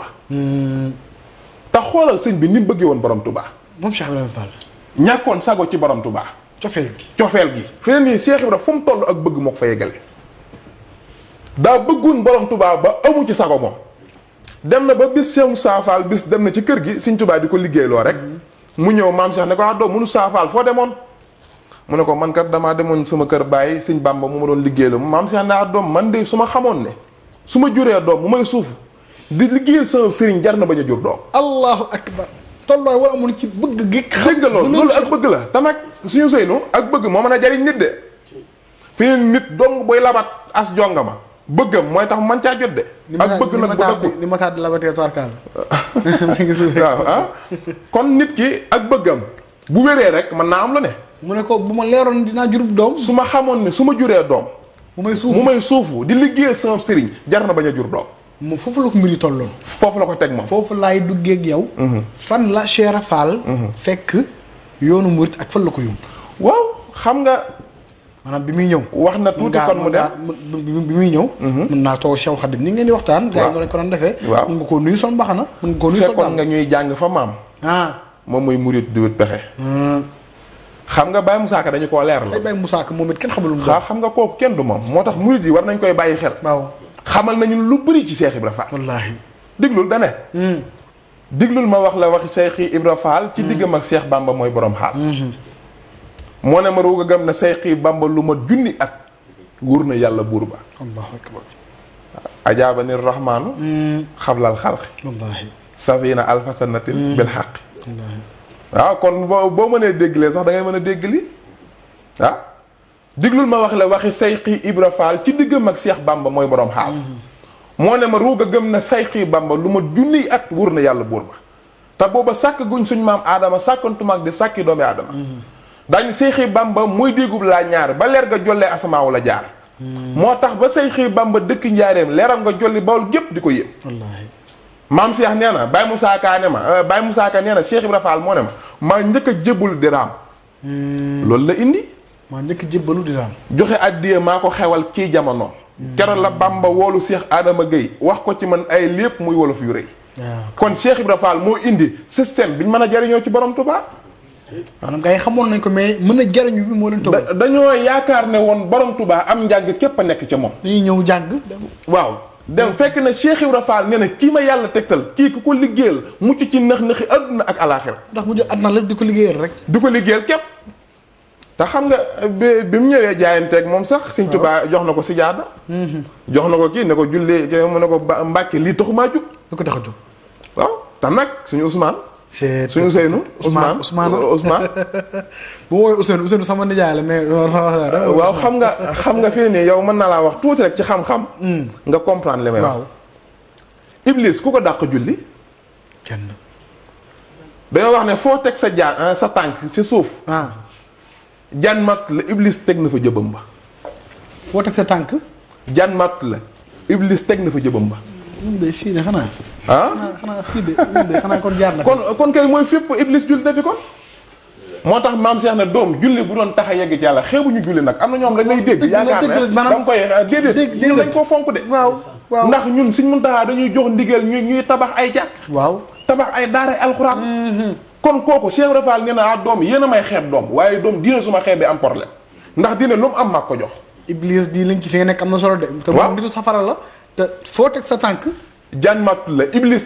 te xoolal sëñ bi ni bëggee woon borom Touba. moom Cheikh Ibrahima Fall. ñàkkoon sago ci borom Touba. cofeel gi cofeel gi. fi ne nii Cheikh Ibrahima fu mu toll ak bëgg moo ko fa yeggale daa bëggoon borom Touba ba amu ci sago moom dem na ba bis Cheikh Moussa bis dem na ci kër gi sëñ tubaa di ko liggéeyloo rek. mu ñëw maam Cheikh ne ko ah doom mënu Moussa foo demoon. mu ne ko man kat damaa demoon sama kër bàyyi sëñ Bamba mu ma doon liggéey liggéeyaloo maam Cheikh ne ah doom man de su ma xamoon ne su ma juree doom bu may suuf. di liggéeyal sama sëriñ jar na bañ a jur doom. allahu akbar. tollaay war amul ci bëgg gi. dégg nga loolu ak bëgg la te nag suñu sëynu ak bëgg moo mën a jariñ nit de. fi nit dong booy labat as jonga ma bëggam mooy tax man caa jot de. ak bëgg nag bu dëkkul ni ma taat labatee toarkaal waaw ah kon nit ki ak bëggam bu wéree rek mën naa am lu ne. mu ne ko bu ma leeroon dinaa jurub doom. su ma xamoon ne su ma juree doom. mu may suufu mu may suufu di liggéeyal sama sëriñ jar na bañ a jur doom. mu foofu la ko mbir yi tolloon. foofu la ko teg ma. foofu laay duggee ak yow. Mhm. fan la Cheikh Ibra Fall. Mhm. fekk yoonu murit ak fan la ko yóbbu. waaw xam nga. maanaam bi muy ñëw. wax na tuuti kon mu dem bi muy ñëw. mën mhm. naa toog Cheikh Khadim ñu ngi leen di waxtaan. waaw gars yi ko doon defee. waaw mën nga koo nuyu son mbaxana. mën nga koo nuyu son fekkoon nga ñuy jàng fa maam. ah moom mooy murit di wut pexe. Hmm. xam nga Baye Moussa Ka dañu koo leer la. Baye Moussa Ka moom it xam nga kooku kenn du moom moo tax murit yi war nañ koy bàyyi xel. xamal nañu lu bari ci seex Ibra Fall. wallaahi déglul dane hmm. déglul ma wax la waxi Cheikh Ibra Fall. ci hmm. diggam ak Cheikh Bamba mooy borom xaal. Hmm. moo ne ma ruuga gam na Cheikh Bamba lu ma junni at. wóor na yàlla buur ba. allahu akbar. ajaabani rahmaanu. xablal xalqi. wallaahi. safina alfa bil xaqi. waaw ah, kon boo boo mënee déglee sax dangay mën a dégg li ah. diglul ma wax la waxi sayqi Ibra Faal ci diggam ak Seex Bamba mooy boroom xaal moo ne ma ruuga gëm na sayqi Bamba lu ma junniy at wur na yàlla buur ba te booba sàkk guñ suñ maam aadama sàkkantumaak di sàkki doomi aadama dañ sayxi bamba muy déggub laa ñaar ba leer nga jollee asamaaw la jaar moo tax ba sey sayxi bamba dëkk njaareem leeram nga jolli bawol gépp di ko yëg maam seex nee na Baye Moussa Ka ne ma Baye Moussa Ka nee na moo ne ma njëkk a jébul di hmm. loolu la indi maa njëkk jébbalu di daan joxe addiya maa ko xewal kii jamono. Hmm. keroog la Bamba woolu Cheikh Adama géey wax ko ci man ay lépp muy wolof yu rëy. kon Cheikh Ibra Fall moo indi système bi ñu mën a jariñoo ci borom tubaa maanaam gars yi xamoon nañ ko mais mën a jariñu bi moo leen toog dañoo yaakaar ne woon borom Touba am njàng képp a nekk ca moom. dañuy ñëw jàng. waaw dem fekk na Cheikh Ibra Fall nee na kii ma yàlla tegtal kii ku ko liggéeyal mucc ci nax naxi àdduna ak alaaxira. ndax mu jël àdduna la di ko liggéeyal rek. di ko liggéeyal képp. te xam nga bi bi mu ñëwee jaayanteek moom sax Sëñ Tuubaa jox na ko si jaada mm-hmm. jox na ko kii ne ko jullee mu ne ko Mbàkke lii taxu maa jug ko tax a jug te nag suñu Ousmane c'est suñu Ousseynou Ousmane Ousmane Ousmane bu sama nijaay la mais euh, waaw xam nga xam nga fii yow mën naa laa wax tuuti rek ci xam mm. nga comprendre li ku ko dàq julli kenn dañoo wax ne foo teg sa jaar sa tànk ci suuf ah. jaan matt la iblis teg na fa jëbam ba. foo teg sa tànk. jaan màtt la iblis teg na fa jëbam ba. ñun de fii de xanaa. ah xanaa fii kon jaar na. kon kon kay mooy fépp iblis julli defi kon. moo tax maam Cheikh na doom julli bu doon tax a yegg ci yàlla xeebu ñu julli nag am na ñoom dañ lay dégg yaakaar ne da nga koy ah, déedéet ñun dañ koo fonk de waaw waaw ñun suñ mun taxaa dañuy jox ndigal ñu ñuy tabax ay jàkk waaw tabax ay daara alxuraan mm-hmm. kon kooku Cheikh Rafaal nee na ah doom yéen a may xeeb doom waaye doom diine suma bi am problème ndax diine lu mu am maa ko jox. Iblis bii lañ ci li nga nekk am na solo de. te moom nitu safara la te foo teg sa tànk. jaan matul la Iblis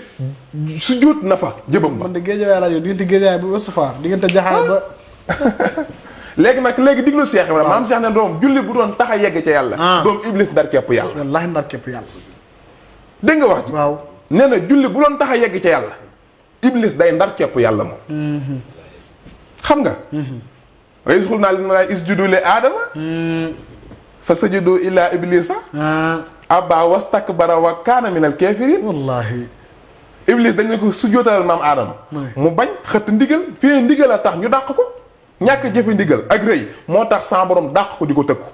sujjuut na fa jëbam ba. man de géejawaay rajo diggante géejawaay ba Oussefar diggante jaxaay ba. léegi nag léegi diglu Cheikh Ibrahima maam Cheikh ne doom julli bu doon tax a yegg ca yàlla. Ah. doom Iblis ndar képp yàlla. wallaahi ndar képp yàlla. dégg nga wax ji. waaw nee na julli bu doon tax a yegg ca yàlla. iblis day ndar kepp yàlla moom xam nga wa isxul naa li mala isjudu li aadama fa sajadu illa iblisa ah. abba wastakbara wa kaana minal kafirin wallahi iblis dañ ne ko sujjootalal maam aadama mu bañ xëtt ndigal fii ne ndigal a tax ñu dàq ko ñàkk jëfe ndigal ak rëy moo tax sa borom dàq ko di ko tëkku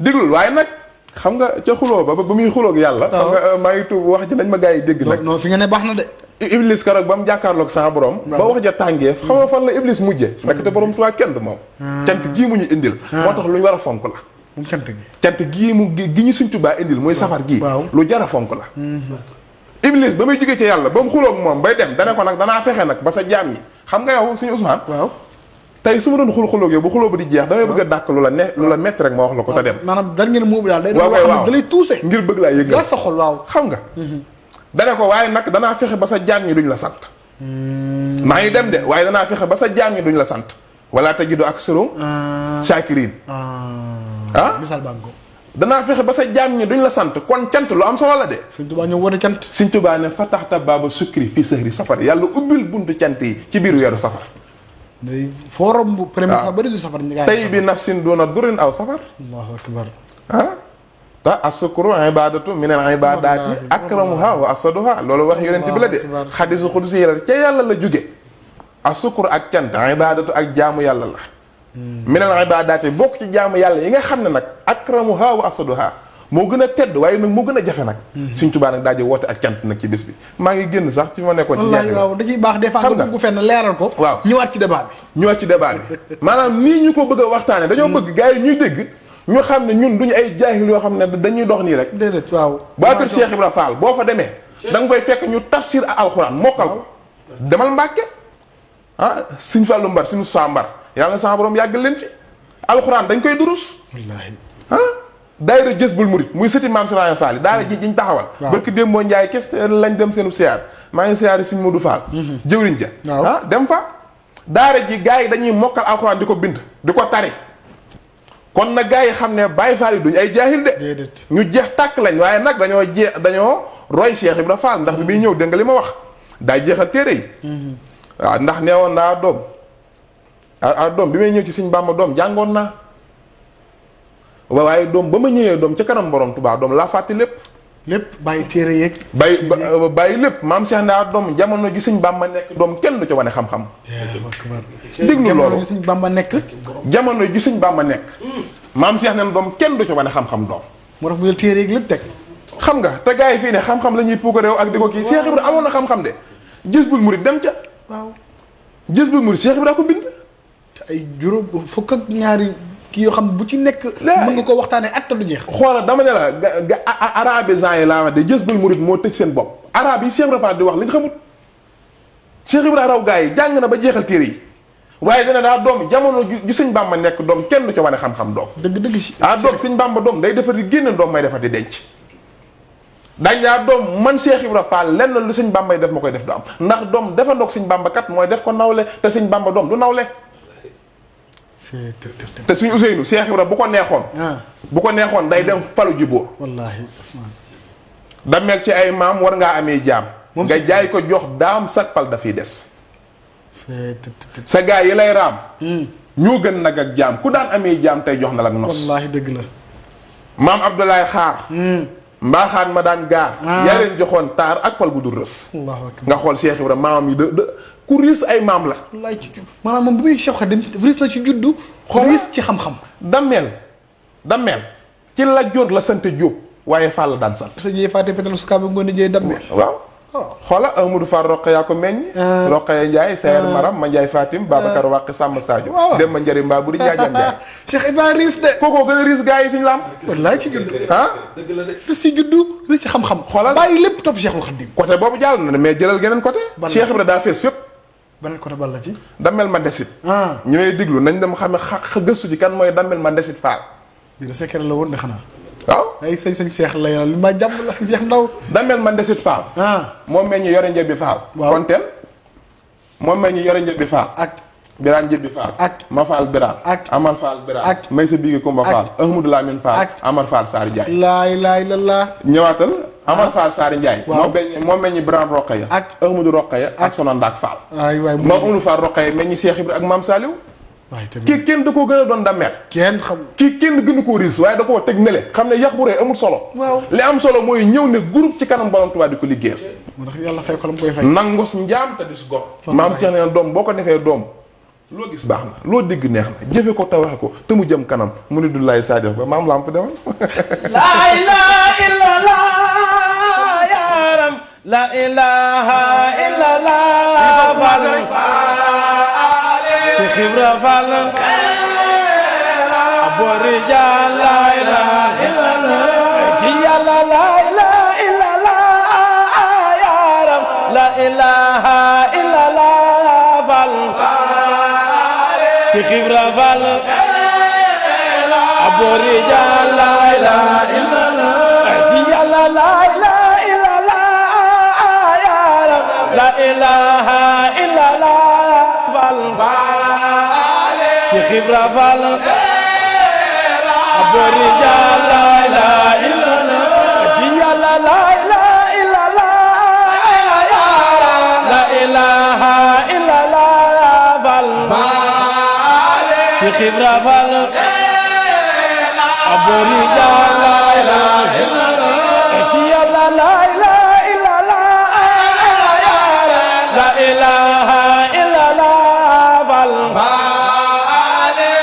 diglul waaye nag xam nga ca xuloo ba ba muy xuloog yàlla xam nga maa ngi wax ji nañ ma gars yi dégg nag non fi nga ne baax na de iblis karoog ba mu jàkkaarloog sa borom ba wax ja tàngee xam nga fan la iblis mujje hmm. fekk te borom tuwaa kenn du moom gii mu gi gi ñu suñ tubaa indil muy safar gii lu jar a fonk la hmm. ba may jógee ci yàlla ba mu xuloog moom bay dem dana ko nag danaa fexe nag ba sa jaam yi xam nga yow suñu Ousmane waaw tey su ma doon xul xuloo ak yow bu ba di jeex damay bëgg a ah. dàkk lu la ne lu la métti rek ma wax la ko te ah, dem maanaam dan ngeen muub daal day da lay tuuse ngir bëgg laa yëgal sa xam nga mhm. danga ko waaye nag danaa fexe ba sa jaam ñi duñ la sant hmm. maa ngi dem de waaye danaa fexe ba sa jaam ñi la sant wala tajidu aksarum ah. shakirin ah misaal baa ngi ko danaa fexe ba sa jaam ñi duñ la sant kon cant lu am solo la de Sëñ Tuubaa ñëw war a cant Sëñ Tuubaa ne fataxta baaba sukri fii sëhri safar yàlla ubbil buntu cant yi ci biir weeru safar foo forum bu. premier ah. safar ba réseau safar. ñu ngi tey bi nafsin doona durin aw safar. allahu ah. asaduha loolu wax yonent bi la de. xadisu xudusi yàlla yàlla la jóge asukuru ak cant ibadatu ak jaamu yàlla la. Hmm. min al ibadati bokk ci jaamu yàlla yi nga xam ne nag akramuha wa asaduha moo gën a tedd waaye nag moo gën a jafe nag mhm. suñ tubaa nag daaje woote ak cant nag ci bés bi maa ngi génn sax ci ma nekkoon ci ñeex waaw da ciy baax des fois nga bugg fenn leeral ko waaw ñëwaat ci débat bi ñëwaat ci débat bi maanaam nii ñu ko bëgg a waxtaane dañoo hmm. bëgg gars yi ñuy dégg ñu xam ne ñun duñu ay jaahil yoo xam ne dañuy dox nii rek déedéet waaw baa kër Cheikh Ibra boo fa demee da nga fay fekk ñu tafsir ak alxuraan mokkal ko demal Mbàkke ah suñ fàllu mbar suñu saa mbar yàlla na sama yàgg leen fi alxuraan dañ koy durus wallaahi ah? daayira Jësbul Murid muy sëti maam si Raaya Fall yi daara ji ñu taxawal barki démb moo Njaay kes lañ dem seenu siyaar maa ngi siyaar yi suñ Modou Fall mhm. jëwriñ ja ah dem fa daara ji gars yi dañuy mokkal alxuraan di ko bind di ko tari kon na gars yi xam ne Baay Faal yi duñu ay jaahil de ñu jeex tàkk lañ waaye nag dañoo jeex dañoo roy Cheikh Ibra Fall ndax bi muy ñëw dégg nga li ma wax daa jeexal téere yi waaw mhm. ah, ndax nee woon naa doom ah, ah doom bi may ñëw ci Sëñ Bàmba doom jàngoon naa waaye doom ba ma ñëwee doom ca kanam boroom Tuubaa doom laa fàtte lépp. lépp bàyyi téere yeeg. bàyyi bàyyi lépp maam seex Cheikh Ndaar doom jamono ji sëñ Bàmba nekk doom kenn du ca wane xam-xam. déglu loolu jamono ji sëñ Bàmba nekk. jamono ji sëñ Bàmba nekk. Hmm. maam Cheikh neen doom kenn du ca wane xam-xam doom. moo tax mu jël téere yeeg teg. xam nga te gars yi fii ne xam-xam la ñuy puukareew ak di ko kii Cheikh Ibrahima amoon na xam-xam de. Jazbul dem ca. waaw Jazbul Murid Cheikh Ibrahima ay juróom fukk ak ñaari kii yoo xam bu ci nekk. mën nga ko waxtaanee at te du jeex. xoolal dama ne la ga ga arabisants yi laa wax de jës bul murit moo tëj seen bopp arab yi Cheikh di wax lañ xamut Cheikh Ibrahima raw gars yi jàng na ba jeexal téere yi waaye dana daa doom jamono ju sëñ Bamba nekk doom kenn du ca wane xam-xam doom. dëgg si ah doom sëñ doom day defar di doom may defar di denc. dañ doom man Cheikh Ibra Fall lenn lu sëñ Bamba def ma koy def du am doom defandoog sëñ Bamba kat mooy def ko nawle te sëñ Bamba doom du nawle. te suñu Ousseynou Cheikh Ibra bu ko neexoon. Ah. bu ko neexoon day dem falu ji boo. wallaahi asmaan. dameel ci ay maam war ngaa amee jaam. nga jaay ko jox daam sag pal dafay des. sa gaa yi lay raam. Hmm. ñoo gën nag ak jaam ku daan amee jaam tey jox na la ak nos. wallaahi dëgg la. maam Abdoulaye Xaar. Hmm. mbaaxaan ma daan gaar. Ah. yaa leen joxoon taar ak pal bu dul rës. nga xool Cheikh Ibra maamam yi de de. ku riis ay maam la. wallaay ci judd maanaam moom bu muy Cheikh Khadim riis la ci juddu. xoolal riis ci xam-xam. dammel dammel ci la jóor la sant Diop waaye Fall daan sant. te ñuy fàtte pétalu su kaabu waaw. Oh. xoola Amadou Fall Roqe yaa ko meññ. Euh. Roqe Ndiaye Seyer euh. Maram Ma euh. Ndiaye de. a riis gars yi si ñu la am. wallaay ci juddu ah. la de riis si juddu riis si xam-xam. bàyyi lépp topp Cheikhul Khadim. côté boobu jàll na mais jëlal geneen côté. Cheikh daa fees fépp beneen côté bal la ci. Damel Mandesit. Ah. ñi may diglu nañ dem xam ne xa gëstu ci kan mooy Damel Mandesit Fall. bii de secret la woon de xanaa. waaw sëñ sëñ seex la yàlla ma jàmm la Ndaw. Damel Mandesit Fall. Ah. moom meññ yore njëbbi Fall. waaw konteel moom meññ yore njëbbi Fall ak. Biraan Njëbbi Fall. ak Ma Fall Biraan. ak Amar Fall Biraan. ak Maysa Bigi Kumba Fall. ak Ahmadou Lamine Fall. ak Amar laay laay la laa. ñëwaatal. Amar Fall Saari Ndiaye. waaw moo meññ moo meññ Birane Roqaya. ak Ahmadou Roqaya ak Sonandak Fall. waay waay moom Oumy Fall Roqaya meññ Cheikh Ibra ak maam Saliou. waay tamit kii da koo gën a doon dammeer. kenn xam kii kenn gënu koo riis waaye da koo teg nele. xam ne yax bu rëy amul solo. waaw li am solo mooy ñëw ne groupe ci kanam borom Tuubaa di ko liggéeyal. moo tax yàlla fay ko la mu koy fay. nangus njaam te dis gor. maam Cheikh ne doom boo ko defee doom. loo gis baax na loo dégg neex na jëfe ko te waxe ko te mu jëm kanam mu ne du laay saa def ba maam lamp demal. laa la ilaha illallah fal si xibra fal abori jaal la ilaha illallah ci yàlla la ilaha illallah yaaram la ilaha illallah fal si xibra fal abori jaal la ilaha illallah ilaha illa la fal faale ci xibra fal abori jalla la illa la ci yalla la illa illa la la ilaha illa eh, la fal faale ci xibra fal abori jalla la illa la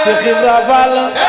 Cheikh Ibra Fall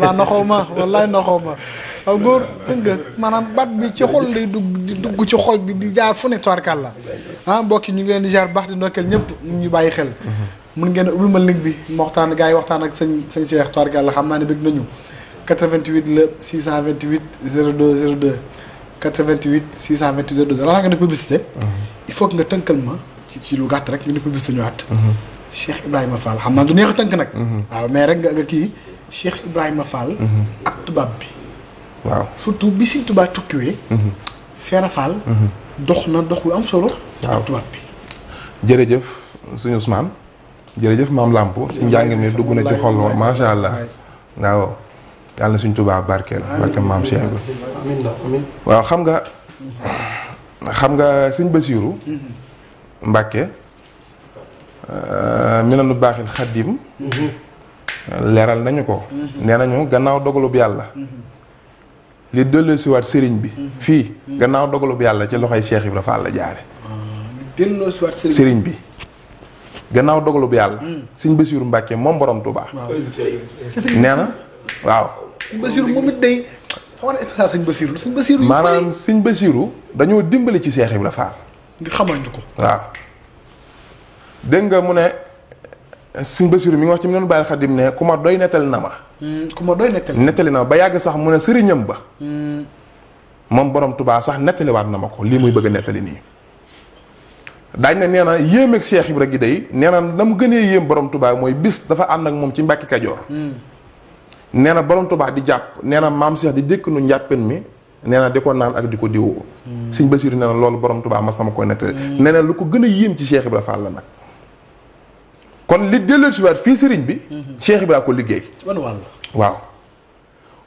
la noxoo ma wallaay noxoo ma waaw góor dégg nga maanaam bat bi ci xol lay dugg di dugg ci xol bi di jaar fu ne toirkal la ah mbokk yi ñu leen di jaar baax di ndokkeel ñëpp ñu ñu bàyyi xel mun ngeen ubbil ma link bi ma waxtaan gars yi waxtaan ak sëñ sëñ Cheikh toirkal la xam naa ne bëgg nañu 88 la 628 02 02 88 628 02 02 laa nga ne publicité mhm. il faut que nga tënkal ma ci ci lu gàtt rek nga ne publicité ñëwaat mhm. Cheikh Ibrahima Fall xam naa du neex a tënk nag mhm. waaw Cheikh Ibrahima Fall. Mhm. ak tubaab bi. waaw surtout bi si tubaab tukkiwee. Mhm. Seera Fall. Mhm. dox na dox wu am solo. waaw tubaab bi. jërëjëf suñu Ousmane. jërëjëf maam làmp ci njàng mi dugg na ci xol ma macha allah. waaw yàlla suñ tubaab barkeel barke maam Cheikh la. waaw xam nga. xam nga suñ Basiiru. Mbàkke. Euh, mi nanu baaxil xaddim leeral nañu ko. Mhm. nee nañu gannaaw dogalub yàlla. Mhm. li delloosiwaat sëriñ bi. Mhm. fii gannaaw dogalub yàlla ci loxoy Cheikh Ibra Fall la jaare ah, bi. gannaaw dogalub yàlla. sëñ Bassirou Mbacke moom borom Touba. nee na waaw. sëñ Bassirou moom it maanaam sëñ Bassirou dañoo dimbali ci seex yi Fall. ngir xamal ko. waaw dégg mu ne. Sëñ Basiru mi ngi wax ci mu neen bàyyil xadim ne ku ma doy nettali na ma hmm, ku ma doy nettali nettali na ma ba yàgg sax mu ne sëriñam ba hmm. moom borom tubaa sax nettaliwaat na ma ko lii muy bëgg a nettali nii daañ na nee na yéem ak Cheikh rek gi day nee na na gënee yéem borom tubaa mooy bis dafa ànd ak moom ci Mbàkke Kajoor hmm. nee na borom tubaa di jàpp nee na maam Cheikh di dékk nu njàppen mi nee na di ko naan ak di ko diwoo Sëñ Basiru nee na loolu borom tubaa mas na ma koy nettali nee na lu ko gën yéem ci Cheikh Ibra Fall la kon li delloo si waat fii sëriñ bi. Mhm. Cheikh Ibra ko liggéey. wan wàll waaw.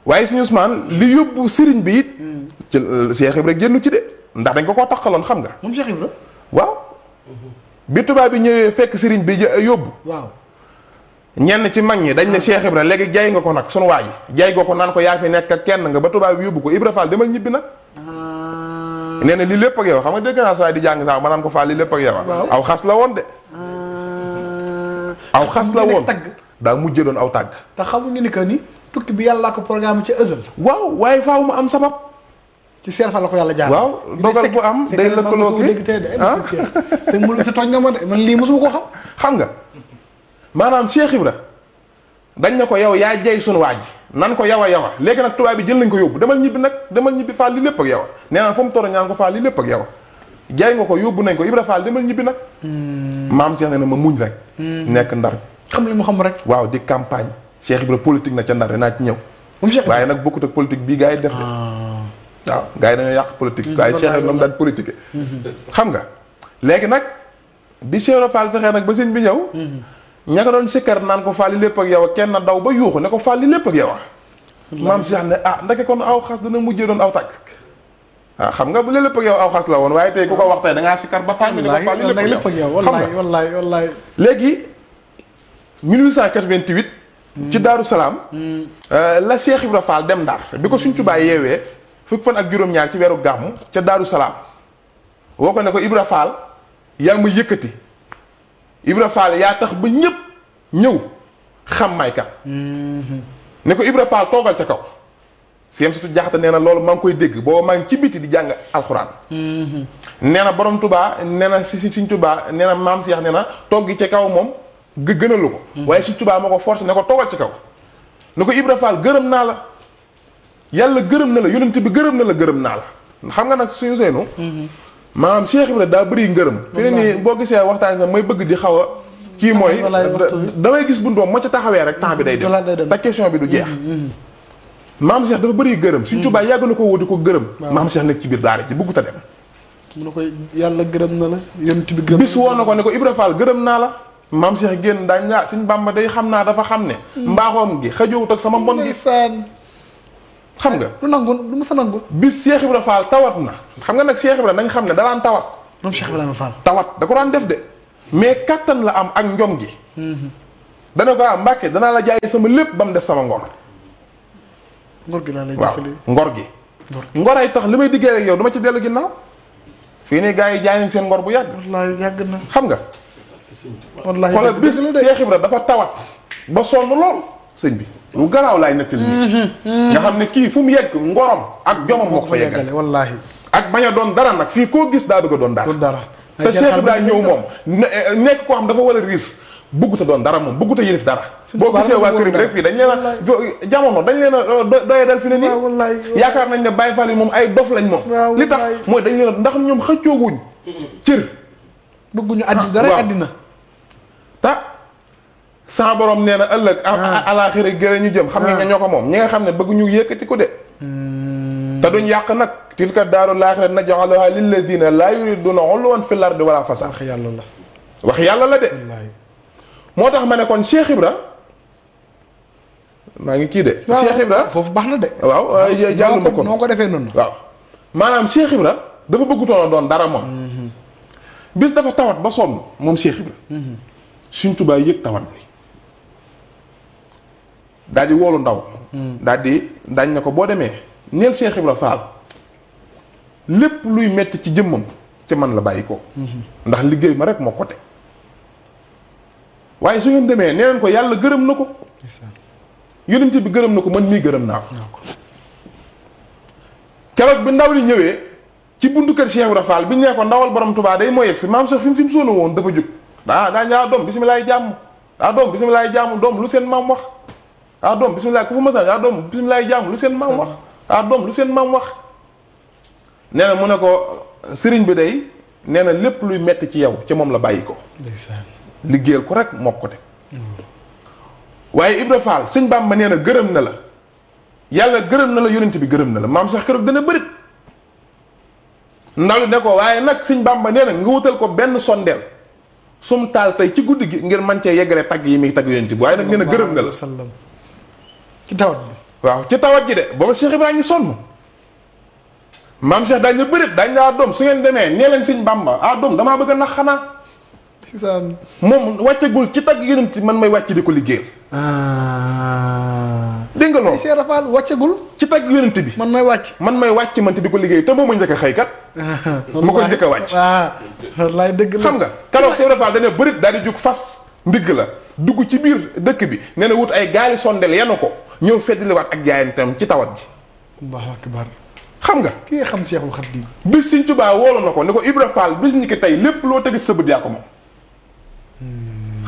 waaye suñu Ousmane li yóbbu sëriñ bi it. Mhm. ci euh, Cheikh Ibra génn ci de ndax dañ ko koo taxaloon xam nga. moom Cheikh Ibra waaw. Mhm. bi tubaab bi ñëwee fekk sëriñ bi yóbbu. waaw. ñenn ci mag ñi dañ ne ah. Cheikh Ibra léegi jaay nga ko nag sunu waa ji jaay nga ko naan ko yaa fi nekk kenn nga ba tubaab bi yóbbu ko Ibra Fall demal ñibbi nag. Ah. nee na lii lépp ak yow xam nga dégg naa saa di jàng saa ma naan ko Fall lii lépp ak yow. aw xas la woon de. aw xas la woon tagg daa mujjee doon aw tàgg te xamuñu ni que ni tukki bi yàlla ko programme ci ësël waaw waaye faaw mu am sabab ci seer fa la ko yàlla jaar waaw dogal bu am day lëkkaloo ki ah sëñ mu si tooñ nga ma de man lii mosuma koo xam xam nga maanaam Cheikh Ibra dañ na ko yow yaa jey sunu waa ji nan ko yawa yawa léegi nag tubaab bi jël nañ ko yóbbu demal ñibbi nag demal ñibbi faal li lépp ak yawa nee naa fa mu toro ñaan ko faal li lépp ak yawa jaay nga ko yóbbu nañ ko Ibra Fall demal ñibbi nag. Hmm. maam Cheikh ne na ma muñ rek. Hmm. nekk ndar. xam li mu xam rek. waaw di campagne Cheikh Ibra politique na ca ndar dinaa ci ñëw. waaye nag bokkut ak politique bii gars yi def de. Ah. waaw gars yi dañoo yàq politique. waaye hmm. Cheikh Ibra moom daan politique. xam nga léegi nag bi Cheikh Ibra Fall fexee nag ba sëñ bi ñëw. ña nga doon sikkar naan ko Fall lépp ak yow kenn daw ba yuuxu ne ko Fall lépp ak yow. Ah. maam Cheikh ne ah ndeke kon aw xas dana mujjee doon aw tàkk. waaw ah, xam nga bu la lépp ak yow aw xas la woon waaye tey ku ko wax tey da ngaa sikar ba fànn lépp ak yow wallaay wallaay wallaay léegi 1888 ci Daaru Salaam euh, la Cheikh Ibra Fall dem Ndar bi ko suñ Tuubaa yeewee fukk fan ak juróom-ñaar ci weeru gàmmu ca Daaru Salaam woo ko ne ko Ibra Fall yaa ma yëkkati Ibra Fall yaa tax ba ñëpp ñëw xam may kan mm-hmm. ne ko Ibra Fall toogal ca kaw siyem surtout jaxate nee na loolu maa ngi koy dégg booba maa ngi ci biti di jàng alxuraan mm-hmm. nee na borom tubaa nee na si suñ tubaa nee na maam seex nee na toog gi ca kaw moom gënalu ko mm-hmm. waaye suñ tubaa moo ko forcé ne ko toogal ci kaw ni ko Ibra Fall gërëm naa la yàlla gërëm na la yonent bi gërëm na la gërëm naa la xam nga nag suñu seenu mm-hmm. maam Cheikh Ibra daa bëri ngërëm fi ne nii boo gisee waxtaan sax may bëgg di xaw a kii mooy damay gis bundoom moo ca taxawee rek temps bi day dem te question bi du jeex maam Cheikh dafa bëri gërëm suñ Tuubaa mm. yàgg na ko wóote ko gërëm maam Cheikh nekk ci biir daara ji bëggut a dem mu yàlla gërëm na la yonent bi gërëm bis woo na ko ne ko Ibra Fall gërëm naa la maam Cheikh génn daañ laa ah, suñ Bàmba day xam naa dafa xam ne mm. mbaaxoom gi xëjoowut ak sama mbon gi xam nga eh, du nangu du mës a nangu bis Cheikh Ibra Fall tawat na xam nga nag Cheikh Ibra nañ xam ne dalaan tawat moom Cheikh Ibrahima tawat da ko daan def de mais kattan la am ak njom gi mm-hmm. dana ko am ah, Mbàkke danaa la jaay sama lépp ba mu def sama ngor ngor gi laa lay jëfandikoo waaw ngor gi. ngor ay tax li may diggee rek yow dama ci dellu ginnaaw. fii nii gaa yi jaay nañ seen ngor bu yàgg. wallaahi yàgg na xam nga. la xoolal bis Cheikh Ibra dafa tawat. ba sonn lool sëñ bi. lu garaaw laay nettali mm-hmm, mm-hmm. nga xam ne kii fu mu yegg ngorom ak jomam moo ko fa yeggale wallaahi. ak bañ a doon dara nag fii koo gis daa bëgg a doon dara. te Cheikh Ibra ñëw moom eh, nekk koo xam dafa war a riis bëggut a doon dara moom bëggut a yëlif dara boo gisee waa këram rek fii dañ leen a jamono dañ leen a uh, doye dal fi ne nii yaakaar nañ ne Baye Fall yi moom ay dof lañ moom li tax mooy dañ leen a ndax ñoom xëccooguñ cër bëgguñu addi dara addina ta sa borom nee na ëllëg ah. alaaxira gërë ñu jëm xam nga ah. ñoo ko moom ñi nga xam ne bëgguñu yëkkati ko de hmm. te duñ yàq nag tilka daaru laaxira naj'aluhaa lilladina laa yuriduna uluwwan fil ardi wala fasad wax yàlla la de moo tax ma ne kon Cheikh Ibra maa ngi kii de. Cheikh Ibra foofu baax na de. waaw jàll ma ko noo ko defee noonu. waaw maanaam Cheikh Ibra dafa bëggutoon a doon dara moom. Mhm. bis dafa tawat ba sonn moom see Ibra. Mhm. Sëriñ Tuubaa yëg tawat bi daal di woolu ndaw. Mhm. daal di daañ na ko boo demee neel Cheikh Ibra Fall lépp luy metti ci jëmmam ci man la bàyyi ko. ndax liggéey ma rek moo ko teg waaye su ngeen demee nee ko yàlla gërëm na ko yonent bi gërëm na ko mën mii gërëm naa ko keroog bi ndaw li ñëwee ci buntu kër Cheikh Ibra Fall bi ñu nee ko ndawal borom Tuubaa day mooy yegg si maam sax fi mu fi mu soona woon dafa jóg daa daa ñaa ah, doom bisimilaay jàmm ah, daa doom jàmm doom lu seen maam wax daa ah, doom bisimilaay ku fa masan daa doom bisimilaay jàmm lu seen maam wax daa doom lu seen maam wax nee mu ne ko sëriñ bi dey nee na lépp luy metti ci yow ci moom la bàyyi ko liggéeyal ko rek moo ko teg waaye Ibra Fall sëñ Bamba nee na gërëm na la yàlla gërëm na la yonent bi gërëm na la maam sax keroog dana bërit ndalu ne ko waaye nag sëñ Bamba nee na nga wutal ko benn sondeel sum taal tey ci guddi gi ngir man cee yeggale tagg yi muy tag yonent bi waaye nag nee na gërëm na la ci tawat bi waaw ci tawat ji de booba Cheikh Ibrahima ngi sonn maam Cheikh daañu la bërit daañu laa doom su ngeen demee nee leen sëñ Bamba ah doom damaa bëgg a nax xanaa Um, moom wàccagul ci tag yonent bi man may wàcc di ko liggéeyal. Ah. dégg nga loolu. Cheikh Rafal ci tagg yonent bi. man may wàcc. man may wàcc man te di ko liggéey te moom ma njëkk a xëy kat. Ah. ma ko njëkk a wàcc. Ah. wallaay dëgg la nga. keroog Cheikh Rafal dañoo bërit daal di jug fas ndigg la dugg ci biir dëkk bi nee na wut ay gaali sondel yenu ko ñëw feddliwaat ak jaayantam ci tawat ji. Allahu akbar. xam nga ki kii xam Cheikhul Khadim. bis Sëriñ Tuubaa woolu na ko ne ko Ibra Fall bis ñi tey lépp loo tëgg sa bët yaa ko moom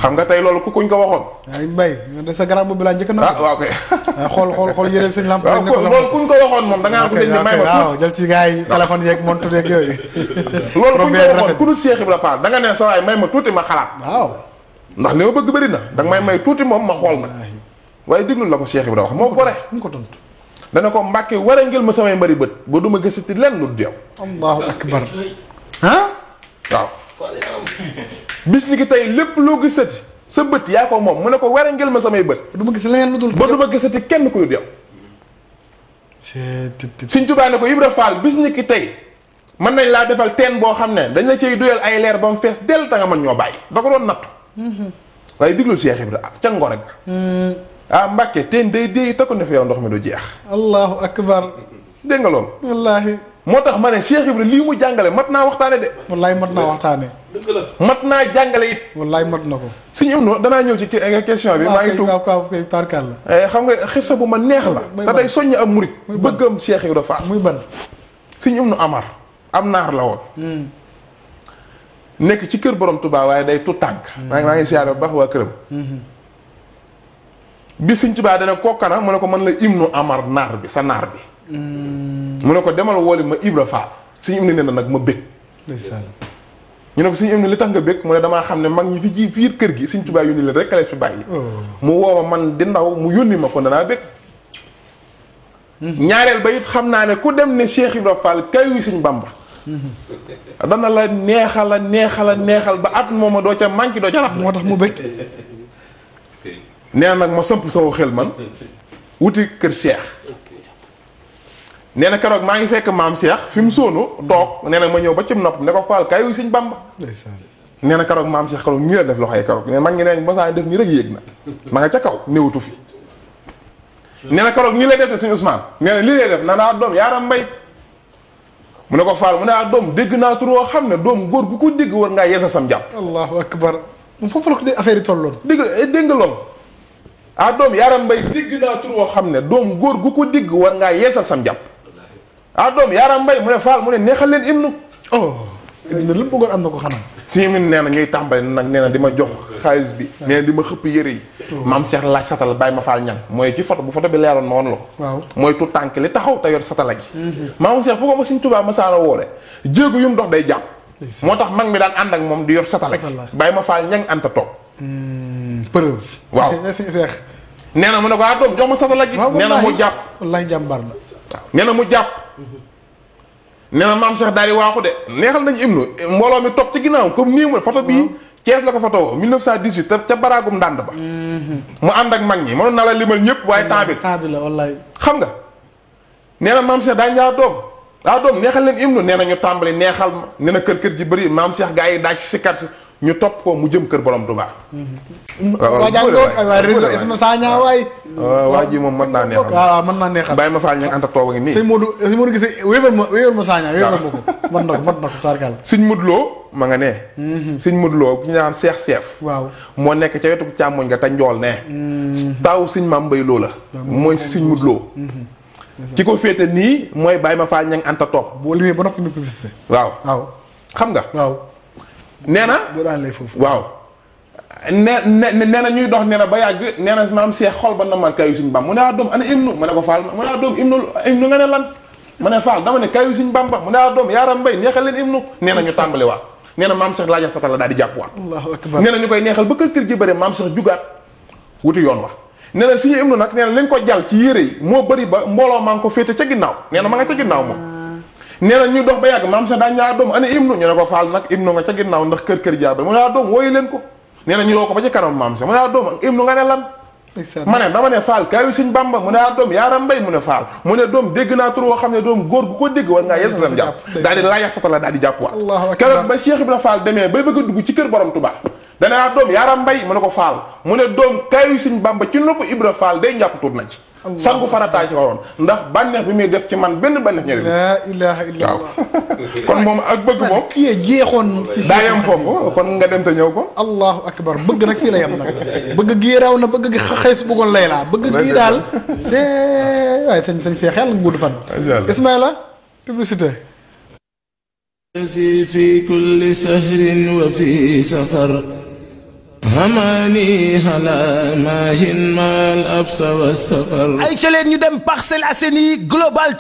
xam nga tey loolu ku kuñ ko waxoon. ay mbay de sa grand boobu laa njëkk na. ah waaw kay. Ah, xool xool xool yéreeg sëñ lamp. waaw loolu kuñ ko waxoon moom da ngaa am ku leen di yeeg montre yeeg yooyu. loolu kuñ ko waxoon ku dul Cheikh Ibrahima Fall da nga ne sa may ma tuuti ma xalaat. waaw ndax li ma bëgg bëri na danga may may tuuti moom ma xool na waaye déglu la ko Cheikh bi wax moo ko rek mu ko tontu. dana ko mbàkke war a ngel ma samay mbari bët ba du ma gisati lenn lu deew. allahu akbar ah waaw bis ni tey lépp loo gisati sa bët yaa ko moom mu ne ko were ngel ma samay bët. du ma gis leneen lu dul ba du ma gisati kenn ku dul yow. suñ Tuubaa ko Ibra Faal bis ni tey mën nañ laa defal teen boo xam ne dañ la ciy duyal ay leer ba mu fees del ta nga mën ñoo bàyyi da ko doon nattu. Mm-hmm. waaye diglul Cheikh Ibra ah, ca ngor ak. Mm. ah Mbàkke teen day dee takku ne fi yow ndox mi du jeex. allahu akbar. dégg nga loolu. wallaahi. moo tax ma ne Cheikh Ibra lii mu jàngale mat naa waxtaane de. wallaahi mat naa waxtaane. dëgg la mat naa jàngale it. wallaay mat na ko. suñu am danaa ñëw ci eh, question bi. maa ngi tudd waaw kay tarkal la. Eh, xam nga xisa bu ma neex la. te day soññ ab murit. muy ban bëggam Cheikh Ibrahima Fall. muy ban suñu am amar am naar la woon. Hmm. nekk ci kër borom Touba waaye day tu tànk. Hmm. maa ngi maa ngi siyaare bu baax waa këram. Hmm. bi suñ Touba dana kookana mu ne ko man la imnu amar naar bi sa naar bi. mu ne ko demal wooli ma Ibra Fall suñu am na nee na nag ma bëgg. ñu ne ko suñu am na li tax nga bëgg mu ne damaa xam ne mag ñi fi ji fiir kër gi suñ tubaay yónni leen rek kale fi bàyyi oh. mu woo ma man di ndaw mu yónni ma ko nanaa bëgg hmm. ñaareel ba it xam naa ne ku dem ne Cheikh Ibra Fall kay wi suñ Bamba hmm. dana la neexal a neexal a neexal ba at moom mooma doo ca manqué doo ca raf moo tax mu bëgg nee nag ma samp sama xel man wuti kër Cheikh nee na keroog maa ngi fekk maam Cheikh fi mu sóonu toog nee na ma ñëw ba cim nopp ne ko faal kaay wu sëñ Bamba nee na maam Cheikh keroog nii la def loxo yi keroog ne mag ngi neeñ basaa def nii rek yéeg na ma ca kaw néewtu fi nee na keroog nii lay def te sëñ Ousmane nee na lii lay def na doom yaaram mbay mu ne ko faal mu ne ah doom dégg naa turoo xam ne doom góor gu ko dégg war ngaa sam jàpp allahu akbar foofu la ko affaire yi dégg dégg nga loolu ah doom yaaram mbay dégg naa xam ne doom góor gu ko dégg war ngaa yeesal sam jàpp ah doom yaaram mbay mu ne Fall mu ne neexal leen ibnu oh am na ko xanaa suñu min nee na ñuy tàmbali nag nee na di ma jox xaalis bi nee ah. na ma xëpp yëre yi oh. maam Cheikh laaj satala bàyyi ma faal ñan mooy ci photo bu photo bi leeroon ma woon la ko waaw mooy tout tànk li taxaw te yor satala gi mhm. maam Cheikh fu ko ba suñ ma saara woole jéegu yu mu dox day jàpp moo tax mag mi daan ànd ak moom di yor satala gi bàyyi ma faal ñan anta toog hmm, preuve waaw nee na mu ne ko ah doom jox ma satala na mu jàpp wallaay jàmbaar la nee na mu jàpp nee na maam Cheikh daal di waaxu de neexal nañu hymne mbooloo mi toog ci ginnaaw comme nii mooy photo bii Cees la ko photo 1918 ca baraagum ndànd ba mu ànd ak mag ñi mënoon naa la limal ñëpp waaye temps bi temps bi la wallaay xam nga nee na maam Cheikh daañu daa doom daa doom neexal leen hymne nee na ñu tàmbali neexal ma na kër kër ji bëri maam Cheikh gaa yi daaj si si si ñu topp ko mu jëm kër borom Tuubaa. waa jàngoor ay waay réseau waa jii moom mën naa neexal waaw naa neexal bàyyi ma Fall ñu anta toog ak nii. sëñ Modou sëñ Modou gisee ma ko. mën na ko na ko tarkal. sëñ Modou Lo nga ne. Mhm. sëñ Modou Lo ñu naan seex seef. moo nekk ca wetu càmmoñ nga te njool ne. Mhm. taw sëñ ma Mbay Lo la. mooy si sëñ Modou mhm. ki ko féete nii mooy bàyyi ma Fall ña nga anta toog. boo limee ba noppi ñu publicité. waaw waaw xam nga nee na boo daanee foofu waaw. nee na ñuy dox nee na ba yàgg nee na maam seex xol ba namal kayu suñu bam mu ne ah doom ana imnu ma ne ko faal mu ne ah doom imnu imnu nga ne lan. ma bamba mu ne ah doom yaaram mbay neexal leen imnu nee na ñu tàmbaliwaat. nee na maam seex laaja satala daal di jàppuwaat. allahu akbar na ñu koy neexal ba kër kër gi bëre maam seex jugaat wuti yoon wa. ne na suñu imnu nag nee na lañ ko jàll ci yére yi moo bari ba mbooloo maa ngi ko féete ca ginnaaw ne na ma nga ca ginnaaw moom nee na ñu dox ba yàgg maam sax daan ñaar doom ana ibnu ñu ne ko faal nag ibnu nga ca ginnaaw ndax kër kër jaaba mu ne aa ah, doom wooyu leen ko nee na ñu woo ko ba ci kanam maam ah, faal kaayu sëñ bamba mu ne aa ah, doom yaaram mbay mu ne faal mu ne doom dégg naa tur woo xam ne doom góor gu ko dégg daal di laa yasata la di jàppuwaat keroog ba Cheikh Ibra dugg ci kër borom Tuubaa danaa doom yaaram mbay mu ne ko faal mu ne doom kaayu sëñ bamba ci nopp Ibra Fall day njàpp tuut na ci sangu farataay ci waroon ndax bànneex bi muy def ci man benn bànneex ñëri laa ilaha illa kon moom ak bëgg moom kii jeexoon ci daa yem foofu kon nga dem te ñëw ko allahu akbar bëgg nag la bëgg gii raw na bëgg gi xees bëggoon laa bëgg gii daal c'est sañ sañ see xel nga gudd fan Ismaïla publicité fi kulli sahrin wa fi safar hamani hala mahin mal absa wa safar ay ca leen ñu dem Parcelles Assainies global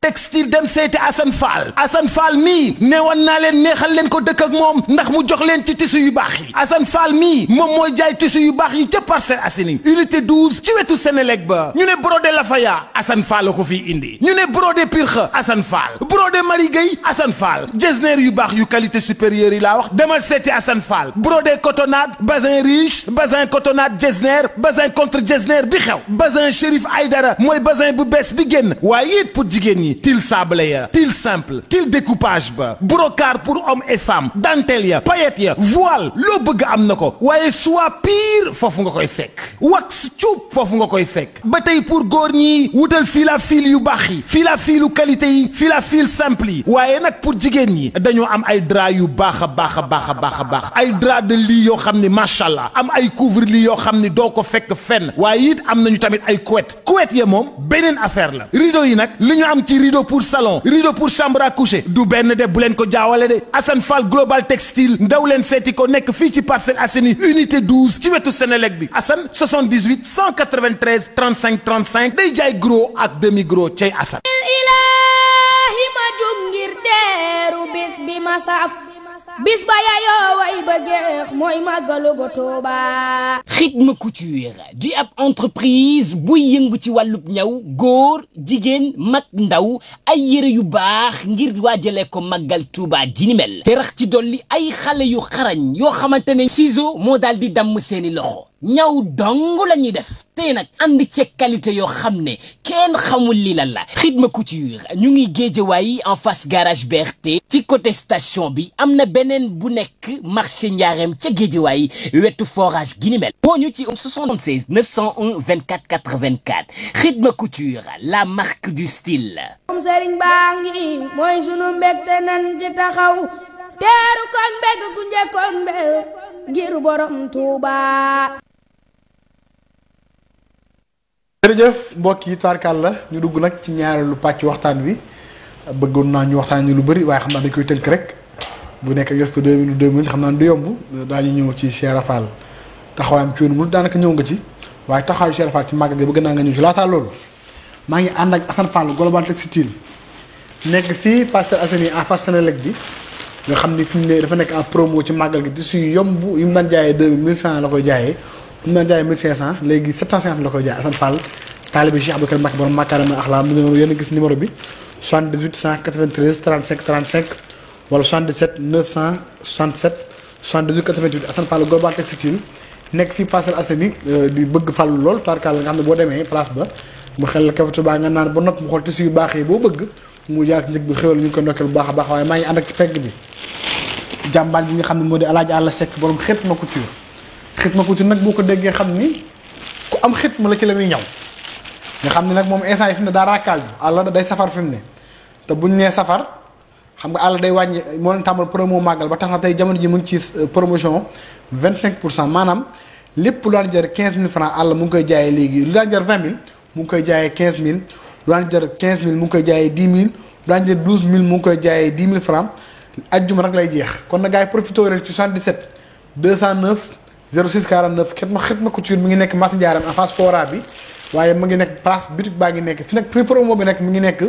textile dem seeti Assane Fall Assane Fall mii ne woon naa leen neexal leen ko dëkk ak moom ndax mu jox leen ci tissu yu baax yi Assane Fall mii moom mooy jaay tissu yu baax yi ca Parcelles Assainies unité 12 ci wetu Sénélec ba ñu ne brodé Lafaya Assane Fall la ko fii indi ñu ne brodé Pirxa Assane Fall brodé Marie Gueye Assane Fall jesner yu baax yu qualité supérieure yi laa wax demal seeti Assane Fall brodé cotonnade bazin riche bazin cotonnade jesner bazin contre jesner bi xew bazin Chérif Aïdara mooy bazin bu bees bi génn waaye it ñi mii til sablé ya til simple til découpage ba brocart pour hommes et femmes dentelle ya paillettes ya voile loo bëgg am na ko waaye soie pire foofu nga koy fekk wax cuub foofu nga koy fekk ba tey pour góor ñi wutal fil à fil yu baax yi fil à filu qualité yi fil à fil simple yi waaye nag pour jigéen ñi dañoo am ay drap yu baax a baax a baax a baax a baax ay dra de lit yoo xam ni macha allah am ay couvre lit yoo xam ni doo ko fekk fenn waaye it am nañu tamit ay couette couette moom beneen affaire la ci rideau pour salon rideau pour chambre à coucher du benn de bu ko jaawale de Assane Fall global textile ndaw leen seeti ko nekk fii ci Parcelles Assainies unité 12 ci wetu Sénélec bi Assane 78 193 35 35 day jaay gros ak demi gros cay Assane. ilaahi ma jug ngir teeru bis bi ma saf. bis ba yaayoo way ba jeex mooy màggalu go Tuuba. Rythme Couture di ab entreprise buy yëngu ci wàllub ñaw góor jigéen mag ndaw ay yëre yu baax ngir waajalee ko màggal Tuuba ji ni mel te rax dolli ay xale yu xarañ yoo xamante ne ciseau moo daal di damm seeni loxo. ñaw dong la ñuy def tey nag ànd ci qualité yoo xam ne kenn xamul li lan la rythme couture ñu ngi géejewaay en face garage BRT ci côté station bi am na beneen bu nekk marché Ndiarème ca géejewaay wetu forage gi ni mel boo ñu ci 76 901 24 84 rythme couture la marque du style. moom Serigne baa ngi mooy sunu mbégte nan ci taxaw teeru ko mbég gu njëkkoon mbég. ngir borom Touba. jërëjëf mbokk yi tarkal la ñu dugg nag ci ñaareelu pàcc waxtaan wi bëggoon naa ñu waxtaan ñu lu bari waaye xam naa dañ koy tënk rek bu nekk yor ko 2000 2000 xam naa du yomb daañu ñëw ci Cheikh Fall taxawaayam ci yoonu mu daanaka ñëw nga ci waaye taxawaayu Cheikh Fall ci màgg gi bëgg naa nga ñëw ci laataa loolu maa ngi ànd ak Assane Fall Global Textile nekk fii Parcelles yi en face Senelec bi nga xam ni fi mu ne dafa nekk en promo ci màggal gi tissu yomb yu mu daan jaayee deux mille mille la koy jaayee yu mu daan jaayee mille cent léegi sept cent cinquante la koy jaayee Assane Fall taalibe Cheikh Abdou Karim Mbacké borom Makaarimal Axlaaq mu ngi noonu yéen a gis numéro bi 78 193 35 35 wala 77 nekk fii Parcelles Assainies euh, di bëgg fàllu lool tarkaal nga xam ne boo demee place ba mu xel kafatu baa nga naan ba nopp mu xool tissu baax yi boo bëgg mu jaar njëg bi xéwal ñu koy ndokkeel bu baax a baax waaye maa jàmbaar ji nga xam ne moo di alaaji àlla sekk borom xitma couture xitma couture nag boo ko déggee xam ni ku am xitma la ci la muy ñaw nga xam ne nag moom instant yi fi mu ne daa raakaaju àlla day safar fi mu ne te buñ nee safar xam nga àlla day wàññi moo leen tàmbal promo màggal ba tax na tey jamono ji mu ngi ci euh, promotion 25 pour cent maanaam lépp lu daan jar 15000 francs àlla mu ngi koy jaaye léegi lu daan jar 20000 mu ngi koy jaayee 15000 lu daan jar 15000 mu ngi koy jaayee 10000 lu daan jar mu ngi koy jaayee 10000 francs ajjuma nag lay jeex kon na gars yi profité leen ci 77 209 06 49 Xetma Xetma Couture mi ngi nekk Mass Ndiarème en face Fora bi waaye mu ngi nekk place boutique baa ngi nekk fi nag prix promo bi nag mi ngi nekk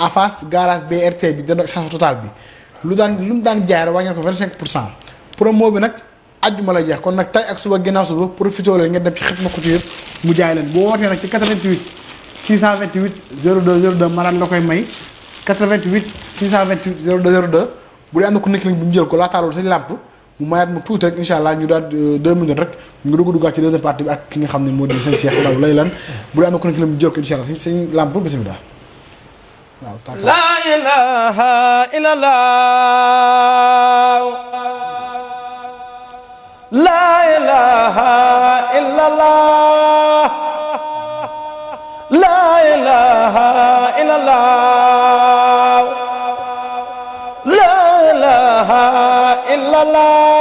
en face BRT bi dana change total bi lu daan lu mu daan jaay rek wàññi ko 25 pour cent promo bi nag ajjuma la jeex kon nag tay ak suba ginnaaw suba profité leen ngeen dem ci Xetma Couture mu jaay leen boo wootee bu dee am na ku nekk nag bu ñu jël ko laataa loolu sañ làmp mu mayaat mu tuuti rek incha allah ñu daal euh, deux minutes rek ñu dugg duggaat ci deuxième partie bi ak ki nga xam ne moo di sëñ Cheikh Ndaw lay lan bu dee am na ku nekk nag jël ko incha sañ sañ làmp bisimilah waaw la ilaha illallah la ilaha Allah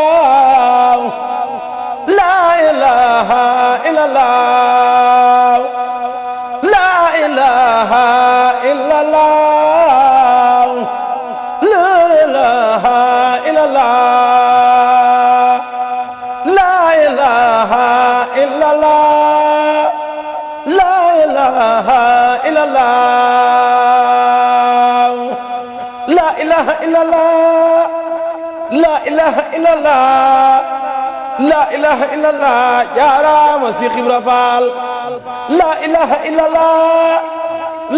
illallah la ilaha illallah jaaraama si xibra faal la ilaha illallah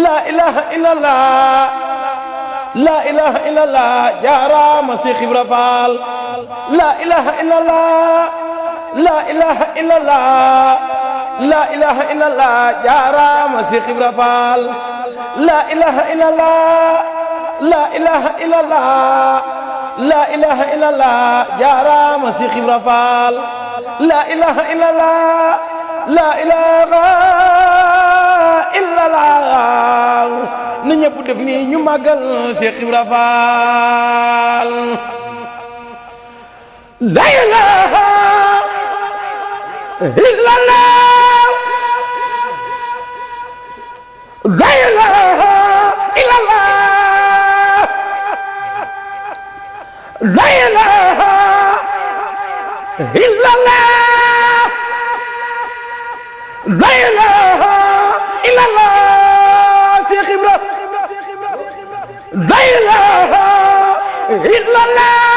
la ilaha illallah la ilaha illallah jaaraama si xibra faal la ilaha illallah la ilaha illallah la ilaha illallah jaaraama si xibra faal la ilaha illallah la ilaha illallah la ilaha illallah jaaraama si xibra faal la ilaha illallah la ilaha illallah na ñëpp def nii ñu màggal si xibra faal la ilaha illallah la ilaha illallah Cheikh Ibra la ilaha illallah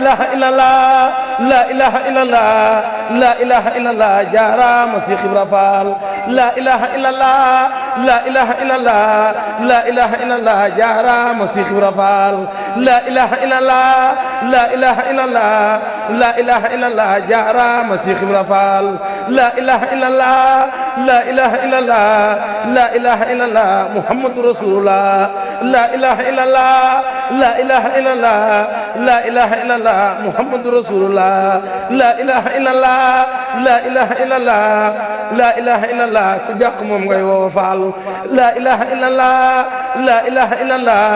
ilaha illallah la ilaha illallah la ilaha illallah jaaraama Seex Ibra Faal la ilaha illallah la ilaha illallah la ilaha illallah jaaraama Seex Ibra Faal la ilaha illallah la ilaha illallah la ilaha illallah jaaraama Seex Ibra Faal la ilaha illallah la ilaha illallah la ilaha illallah Muhammadu Rasulullah la ilaha illallah la ilaha illallah la ilaha illallah illallah muhammadu rasulullah la ilaha illallah la ilaha illallah la ilaha illallah ku jàq moom ngay woo faal la ilaha illallah la ilaha illallah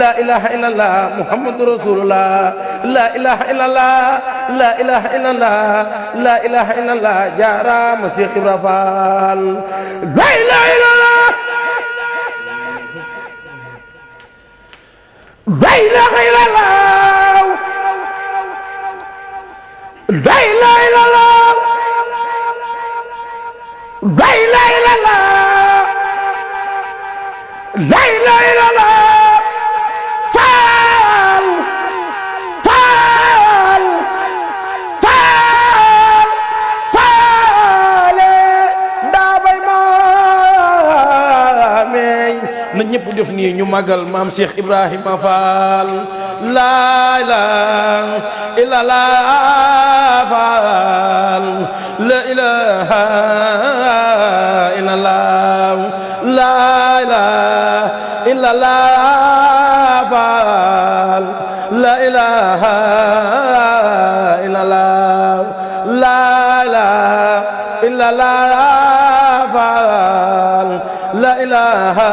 la ilaha illallah muhammadu rasulullah la ilaha illallah la ilaha illallah la ilaha illallah jaaraama Seex Ibra Faal la ilaha illallah la ilaha illallah lay lay la la lay lay la la faal faal faal faale ndaa bay maameey na ñëpp def nii ñu magal maam Cheikh Ibrahima Fall la ilaha illa la faal la ilaha illa la la ilaha illa la faal la ilaha illa la la ilaha illa la faal la ilaha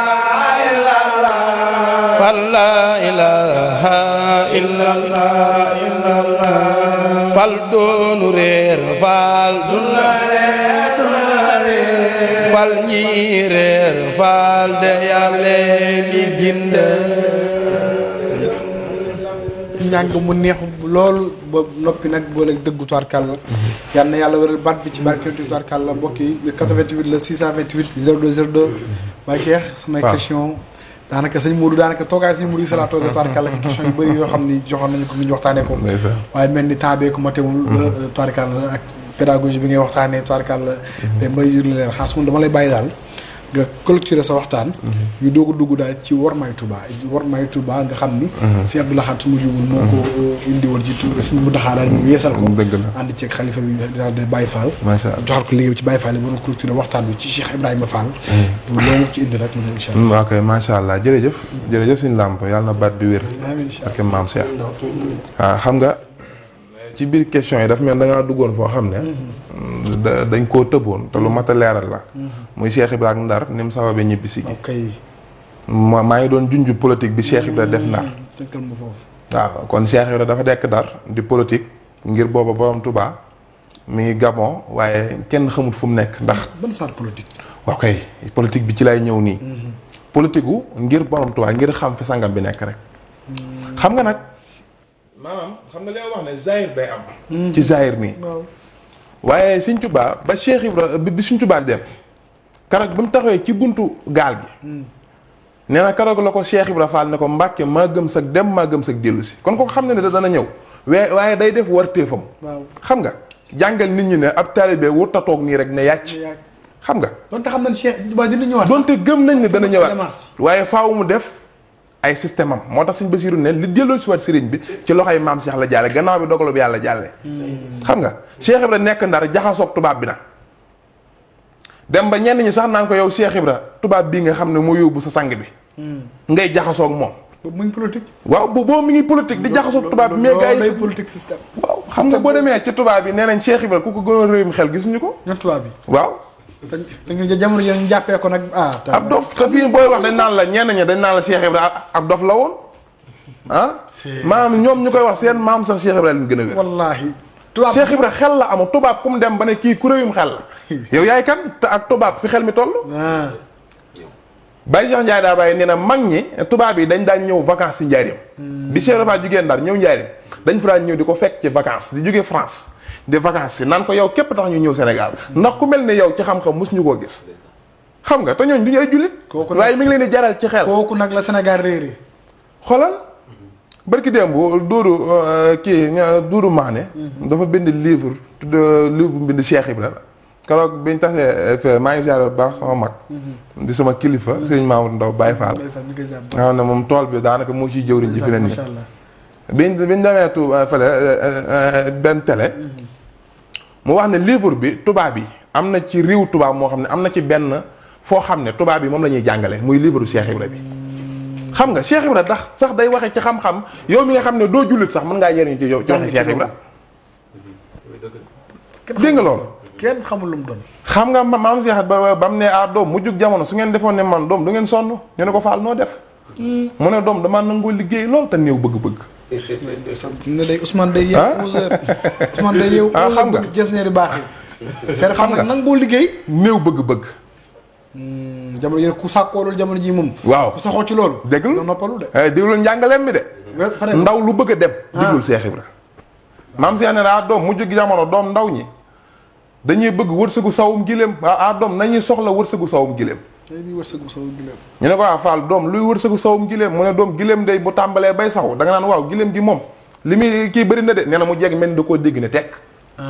لا إله إلا الله إلا الله fal ñi réer fal de yàlla di bind njàng mu neex lool ba noppi nag boole dëggu tubaarkàlla yal na yàlla wéral baat bi ci barkeel tubaarkàlla mbokk yi 88 la 628 02 02 waaye Cheikh samay question daanaka sëñ Modou daanaka toogaay sëñ Modou Sala tooga taarikal la ci question yu bëri yoo xam ni joxoon nañu ko ngi ñu waxtaanee ko waaye mel ni temps beeku ma teewul mm-hmm. euh, taarikal la ak pédagogie bi ngay waxtaanee taarikal la day mm-hmm. mbëri yu leen xaas moom dama lay bàyyi daal nga clôturer sa waxtaan. Mhm. ñu doog a dugg daal ci warmay Touba warmay Touba nga xam ni. sëñ mhm. Abdou Lahad su ma jubul moo ko mhm. uh, indiwoon ci Touba sëñ Abdou Lahad daal ñu yeesal ko. dëgg la ànd ceeg xalifa bi daal de Baye Fall. macha ko liggéey ci Baye Fall yi ba clôturer waxtaan bi ci Cheikh Ibrahima Fall. loolu moo ci indi rek mu ne incha mm, allah. waaw kay macha allah jërëjëf. Mm. jërëjëf suñu làmp yàlla na baat bi wér. amiin maam Cheikh. waaw ah, xam nga ci biir question yi daf mel dangaa ngaa duggoon foo xam ne mm-hmm. dañ koo tëboon te lu mm-hmm. mat a leeral la mm-hmm. muy Cheikh bi ak Ndar ni mu sababe ñibbi si gi ma maa ngi doon junj politique bi Cheikh Ibra def Ndar waaw kon bi Ibra dafa dekk Ndar di politique ngir booba borom tubaa mi ngi gamoo waaye kenn xamut fu mu nekk ndax ban saar politique waaw politique bi ci lay ñëw nii politique ngir borom Touba ngir xam fi sangam bi nekk rek xam nga nag maanaam xam nga li wax ne zahir day am. ci zahir nii. waaye Sëñ Tuubaa ba Cheikh Ibra bi Sëñ Tuubaa dem karag bu mu taxawee ci buntu gaal bi hmm. nee na karag la ko Cheikh Ibra Fall ne ko Mbàkke maa gëm sag dem maa gëm sag dellu si kon ko xam ne ne dana ñëw waaye day def war téefam. xam nga jàngal nit ñi ne ab taalibe wut a toog nii rek ne yàcc. xam nga. donte xam nañ Cheikh Tuubaa dina ñëwaat. donte gëm nañ ne dana ñëwaat waaye faaw mu def. ay système am moo tax ba Basiru ne li delloo si waat sëriñ bi ci loxoy maam Cheikh la jàlle gannaaw bi dogalu bi yàlla jàlle hmm. xam nga Cheikh Ibra nekk ndar jaxasoog tubaab bi na dem ba ñenn ñi sax naan ko yow Cheikh Ibra tubaab bii nga xam ne moo yóbbu sa sang bi hmm. ngay jaxasook moom boobu mu ngi politique. waaw boobu mi ngi politique di jaxasoo tubaab bi. mais gars yi politique système. waaw xam nga boo demee ci tubaab bi nee nañ Cheikh Ibrahima ku ko gënoon réewum xel gisuñu ko. bi waaw. te jamono yéen jàppee ko nag ah. ab dof te fii booy wax dañ naan la ñeen ña dañ naan la Cheikh Ibrahima ab dof la woon ah. maam ñoom ñu koy wax seen maam sax Cheikh Ibrahima lañ gën a wér. wallaahi. tubaab Cheikh Ibrahima xel la amoon tubaab ku dem ba ne kii kuréyum xel la. yow yaay kan te ak tubaab fi xel mi toll. Ah. Baye Cheikh Ndiaye daa bàyyi nee na mag ñi tubaab yi dañ daan ñëw vacances ci Njaaréem. bi Cheikh Ibrahima jugee Ndar ñëw Njaaréem dañ fa daan ñëw di ko fekk ci vacances di jugee France de vacances si naan ko yow képp tax ñu ñëw Sénégal ndax ku mel ne yow ci xam-xam mos ñu koo gis xam nga te ñooñ du ñu ay jullit waaye mi ngi leen di jaral ci xel kooku nag la Sénégal réeré xoolal bërki démb duudu euh, kii duudu maane mhm. dafa bind livre tudd euh, livre bu bind Cheikh bi la keroog biñ tasee euh, fee maa ngi ziar bu baax sama mag mhm. di sama kilifa mhm. sëriñ Mamadou Ndaw baay Fall nga xam ne moom tool bi daanaka moo ciy jëwriñ ji fi ne nii biñ biñ demee tu fële benn télé mu wax ne livre bi tubaab bi am na ci réew tubaab moo xam ne am na ci benn foo xam ne tubaab bi moom la ñuy jàngale muy livre Cheikh Ibra bi xam nga Cheikh Ibra ndax sax day waxee ci xam-xam yow mi nga xam ne doo jullit sax mën ngaa jëriñu ci yow ci waxe Cheikh Ibra dégg nga loolu kenn xamul lu doon xam nga maam Cheikh ba ba mu ne ah doom mu jug jamono su ngeen defoon ne man doom du ngeen sonn ñu ne ko faal noo def hmm. mu ne doom damaa nangoo liggéey loolu te néew bëgg-bëgg ne day Ousmane day yeewu 11 ah, xam nga gis neeri xam nga nangoo liggéey. néew bëgg-bëgg. Hmm, jamono ku sàkkoo loolu jamono ji moom. waaw ku saxoo ci loolu. dégg nga eh, déglu njàngaleem bi de. ndaw lu bëgg a dem. Ah. digul Seex Ibra. maam si ne ah doom mujj gi jamono doom ndaw ñi dañuy bëgg wërsëgu sawum gileem a ah, doom nañuy soxla wërsëgu sawum giléem ñu ne ko waaw ah, Fall doom luy wërsëgu sawum gileem mu ne doom gileem day bu tàmbalee bay saw da nga naan waaw gileem gi moom li muy kii bëri na de nee na mu jeg mel ni da koo dégg ne tekk ah.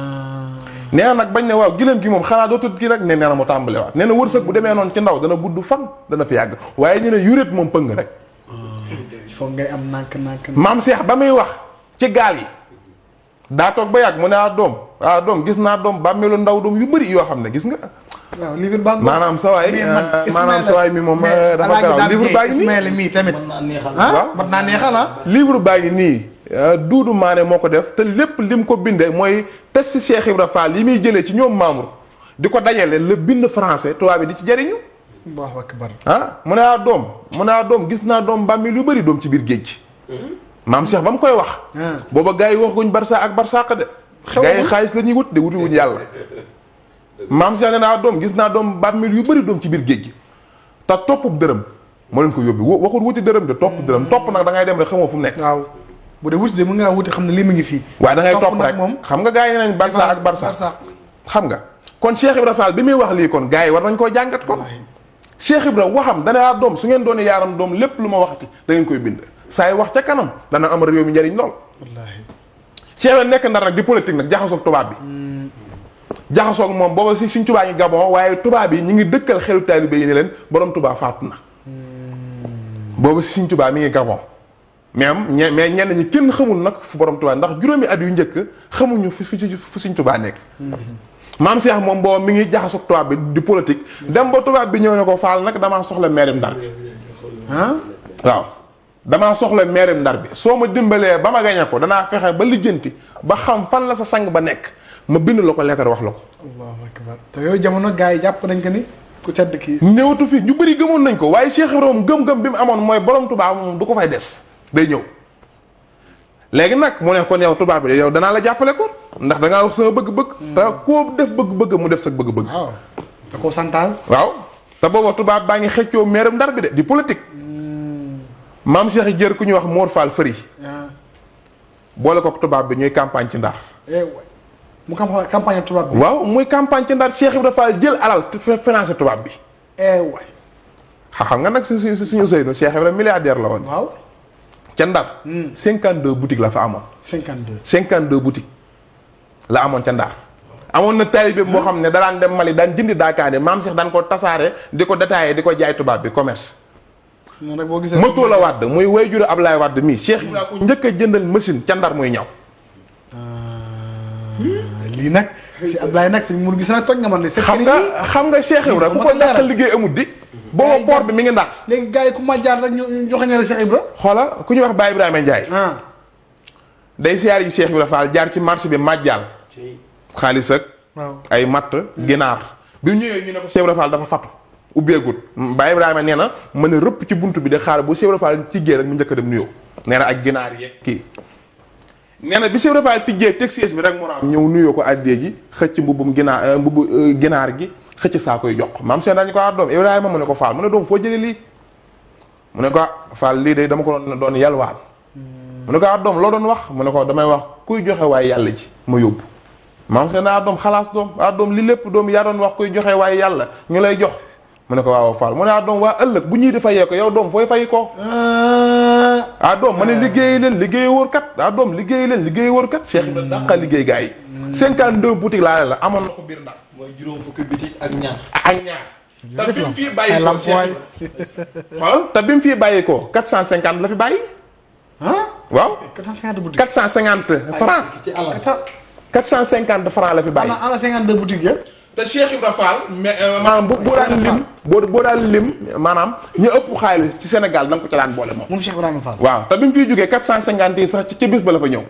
nee nag bañ ne waaw gileem gi moom xanaa dootut gi nag ne nee na mu tàmbale waat nee na wërsëg bu demee noonu ci ndaw dana gudd fan dana fi yàgg waaye ñu ne yuréet moom pëng rek ah. foog ngay am nànk nànk maam seex ba muy wax ci gaal yi daa toog ba yàgg mu ne a doom ah doom gis naa doom bàmmeelu ndaw yu bëri yoo xam ne gis nga waaw livre baa maanaam sawaay euh, maanaam sawaay mi moom euh, dafa gaaw livre baa ngi nii mii ah, naa neexal ah livre baa ngi nii euh, Doudou Mané moo ko def te lépp li mu ko bindee mooy tes Cheikh Ibra Fall yi muy jëlee ci ñoom membre di ko dajale la bind français tubaab bi di ci jariñu Allahu akbar ah, mu ne ah doom mu ne ah doom gis naa doom mi lu bari doom ci biir géej mm-hmm. maam Cheikh ba mu koy wax ah. booba gaa yi wax guñ ak Barça de gars yi xaalis la ñuy wut de wuti yàlla maam si naa doom gis naa doom bàmmeel yu bëri doom ci biir géej gi te toppub dërëm moo leen ko yóbbi waxul wuti dërëm de topp dërëm topp nag da ngay dem rek xamoo fu mu nekk waaw bu dee xam ne lii mu ngi fii waaye da ngay topp rek xam nga gars yi nañ barsa ak barsa xam nga kon Cheikh Ibra bi muy wax lii kon gars yi war nañ koo jàngat kon Cheikh Ibra waxam danaa doom su ngeen doon yaaram doom lépp lu ma waxati da koy bind saa wax ca kanam dana am réew mi njariñ lool nekk ndar di politique nag jaxasoo tubaab bi hmm. jaxasoo moom booba si suñ tubaa ngi gabon waaye tubaab yi ñu ngi dëkkal xelu taalibe yi ne leen borom tubaa faatu na booba si suñ tubaa mi ngi gabon même ñe mais ñenn ñi kenn xamul nag fu borom tubaa ndax juróomi at yu njëkk xamuñu fu fu suñ tubaa nekk maam Seex moom booba mi ngi jaxasoo tubaab bi di politique dem ba tubaab bi ñëw ne ko faal nag damaa soxla meerim ndar bi waaw damaa soxla meerim ndar bi soo ma dimbalee ba ma gañe ko danaa fexe ba lijjanti ba xam fan la sa sang ba nekk ma bind la ko leetar wax la ko. allahu te yooyu jamono gaa yi jàpp nañ ko ni ku tedd kii. néewtu fi ñu bëri gëmoon nañ ko waaye Cheikh Ibrahima gëm-gëm bi mu amoon mooy borom tubaab moom du ko fay des day ñëw. léegi nag moo ne kon yow tubaab bi yow danaa la jàppale ko ndax dangaa wax sama bëgg-bëgg. Hmm. te koo def bëgg-bëgg mu def sa bëgg-bëgg. waaw da koo waaw te booba tubaab baa ngi xëccoo meeram ndar bi de di politique. Hmm. maam Cheikh jër ku ñuy wax Mor Fall Fëri. Ah. boole ko tubaab bi ñuy campagne ci ndar. Eh mu campagne campagne tubaab bi. waaw muy campagne ci ndar Cheikh Ibrahima Fall jël alal te financé tubaab bi. eh waay. xam nga nag suñu suñu Seydou Cheikh Ibrahima milliardaire la woon. waaw. ca ndar. 52 hmm. boutiques la fa amoon. 52 52 boutiques la amoon ca ndar. amoon na taalibe boo xam ne daan dem Mali daan jëndi daakaane maam Cheikh daan ko tasaare di ko détaillé di ko jaay tubaab bi commerce. noonu rek boo gisee mëtoo la wàdd muy wayjuru Ablaye Wàdd mii Cheikh Ibrahima ko njëkk a jëndal machine ca ndar muy ñaw. Ah. lii nag si Abdoulaye nag sëñ Mour gis naa toj nga man li xam nga xam nga Cheikh Ibra ku ko dàqal liggéey amul di booba boor bi mi ngi ndax léegi gars yi ku ma jaar rek ñu joxe ña la Cheikh Ibra xoola ku ñuy wax Baye Ibrahima Ndiaye ah. day siyaar yi Cheikh jaar ci marché bi màjjal xaalis ak ay matt ginaar bi ñëwee ñu ne ko Cheikh Ibra Fall dafa fattu ubbeegut Baye Ibrahima nee na mën a rëpp ci bunt bi de xaar bu Cheikh Ibra Fall ci géer rek mu njëkk a dem nuyoo nee na ak ginaar yeeg kii nee na bi Cheikh Ibra Fall tijjee teg siège bi rek mu raam ñëw nuyoo ko addee ji xëcc mbubbum ginaar euh, mbubbu euh, ginaar gi xëcc saa koy jox ko maam seen dañu ko ah doom Ibrahima mu ne ko Fall mu ne doom foo jëlee lii mu ne ko ah lii de dama ko doon doon yalwaat hmm. mu ne ko ah, doom loo doon wax mu ne ko damay wax kuy joxe waaye yàlla ji ma yóbbu maam seen ah doom xalaas doom ah doom li lépp doom yaa doon wax kuy joxe waaye yàlla ñu lay jox mu ne ko waaw Fall mu ne ah doom waa ëllëg bu ñuy dafa yee ko yow doom fooy fay ko ah. ah doom ma ne liggéey leen liggéey wóor kat ah doom liggéey leen liggéey wóor kat Cheikh Ibrahima liggéey gars yi. 52 boutiques laa la amoon na ko biir ndax. mooy juróom fukki boutique ak ñaar. Ah, ak ñaar. te bi mu fii bàyyi ko xoolal te bi mu fii bàyyi ko 450 la fi bàyyi. ah waaw. 450 boutiques 450 francs. 450 francs la fi bàyyi. ana ana te Cheikh Ibra Fall. Eh, maanaam bu boo daan lim boo boo daan lim maanaam ñu ëpp xaalis ci Sénégal da nga ko ca daan boole moom. moom Cheikh Ibrahima Fall. waaw te bi mu fiy jógee 450 sax ci ca bis ba la fa ñëw.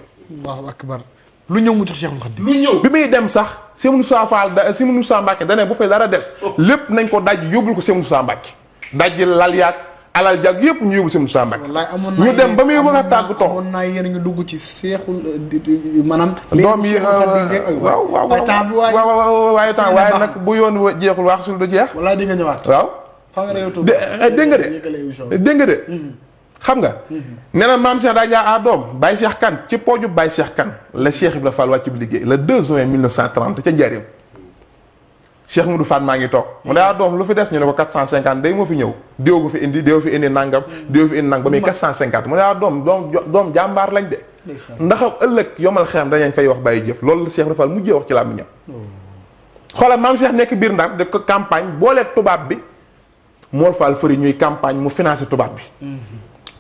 waaw akbar lu ñëw mu jox Cheikhul Khadim. lu ñëw bi muy dem sax Cheikh Moussa Fall da Cheikh Moussa Mbacke da ne bu fay dara des. Oh. lépp nañ ko daj yóbbul ko Cheikh Moussa Mbacke. daj lal yaag. alal jag yëpp ñu yóbbu si Moussa Mbacke ñu dem ba muy wax a tàgg tox amoon naa yéen ñu dugg ci seexul euh, maanaam doom yi euh, euh, waaw waaw waaw waaye temps waaye nag bu yoon wa jeexul wax sul du jeex wala nga ñëwaat waaw eh, dégg nga de dégg nga de mm-hmm. xam nga mm-hmm. nee na maam Cheikh daa ñaa a doom Baye Cheikh Kane ci pooju baay Cheikh Kane la Cheikh Ibra Fall wàcc bi liggéey le 2 juin 1930 ca Njaaréem Cheikh du Fane maa ngi toog mu ne ah doom lu fi des ñu ne ko 450 day moo fi ñëw diw ko fi indi diw fi indi nangam diw fi indi nangam ba muy 450 mu ne ah doom doom doom jàmbaar lañ de ndax ëllëg yomal xeexam dañañ fay wax bàyyi jëf loolu Cheikh Moudou Fane mujjee wax ci làmmiñam xoolal maam Cheikh nekk biir Ndar de ko campagne booleel tubaab bi moo faal fëri ñuy campagne mu financé tubaab bi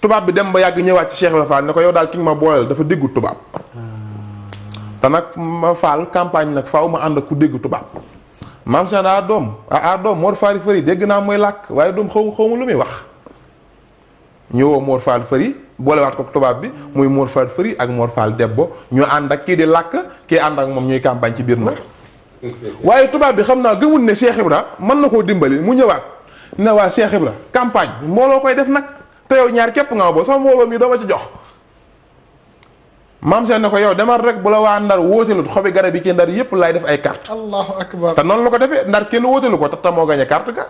tubaab bi dem ba yàgg ñëwaat ci Cheikh Ibrahima Fall ne ko yow daal ki nga ma booleel dafa déggu ah. nag ma Fall campagne nag faaw ma ànd ku dégg tubaab maam Cheikh a doom a doom Mor Faari dégg naa mooy làkk waaye doom xaw xaw ma lu muy wax ñu woo Mor Faari Fari boolewaat ko tubaab bi muy Mor Faari ak Mor Faal Debbo ñu ànd ak kii di làkk kii ànd ak moom ñuy campagne ci biir na waaye tubaab bi xam naa gëmul ne Cheikh Ibra mën na koo dimbali mu ñëwaat ne waa Cheikh Ibra campagne mbooloo koy def nag te yow ñaar képp nga ma boo sama mbooloo mi doo ci jox maam seen ne ko yow demal rek bu la waa ndar wóotelut xobi garab yi ci ndar yépp laay def ay carte allahu akbar te noonu la ko defee ndar kenn wóotelu ko te tamoo gañe carte ga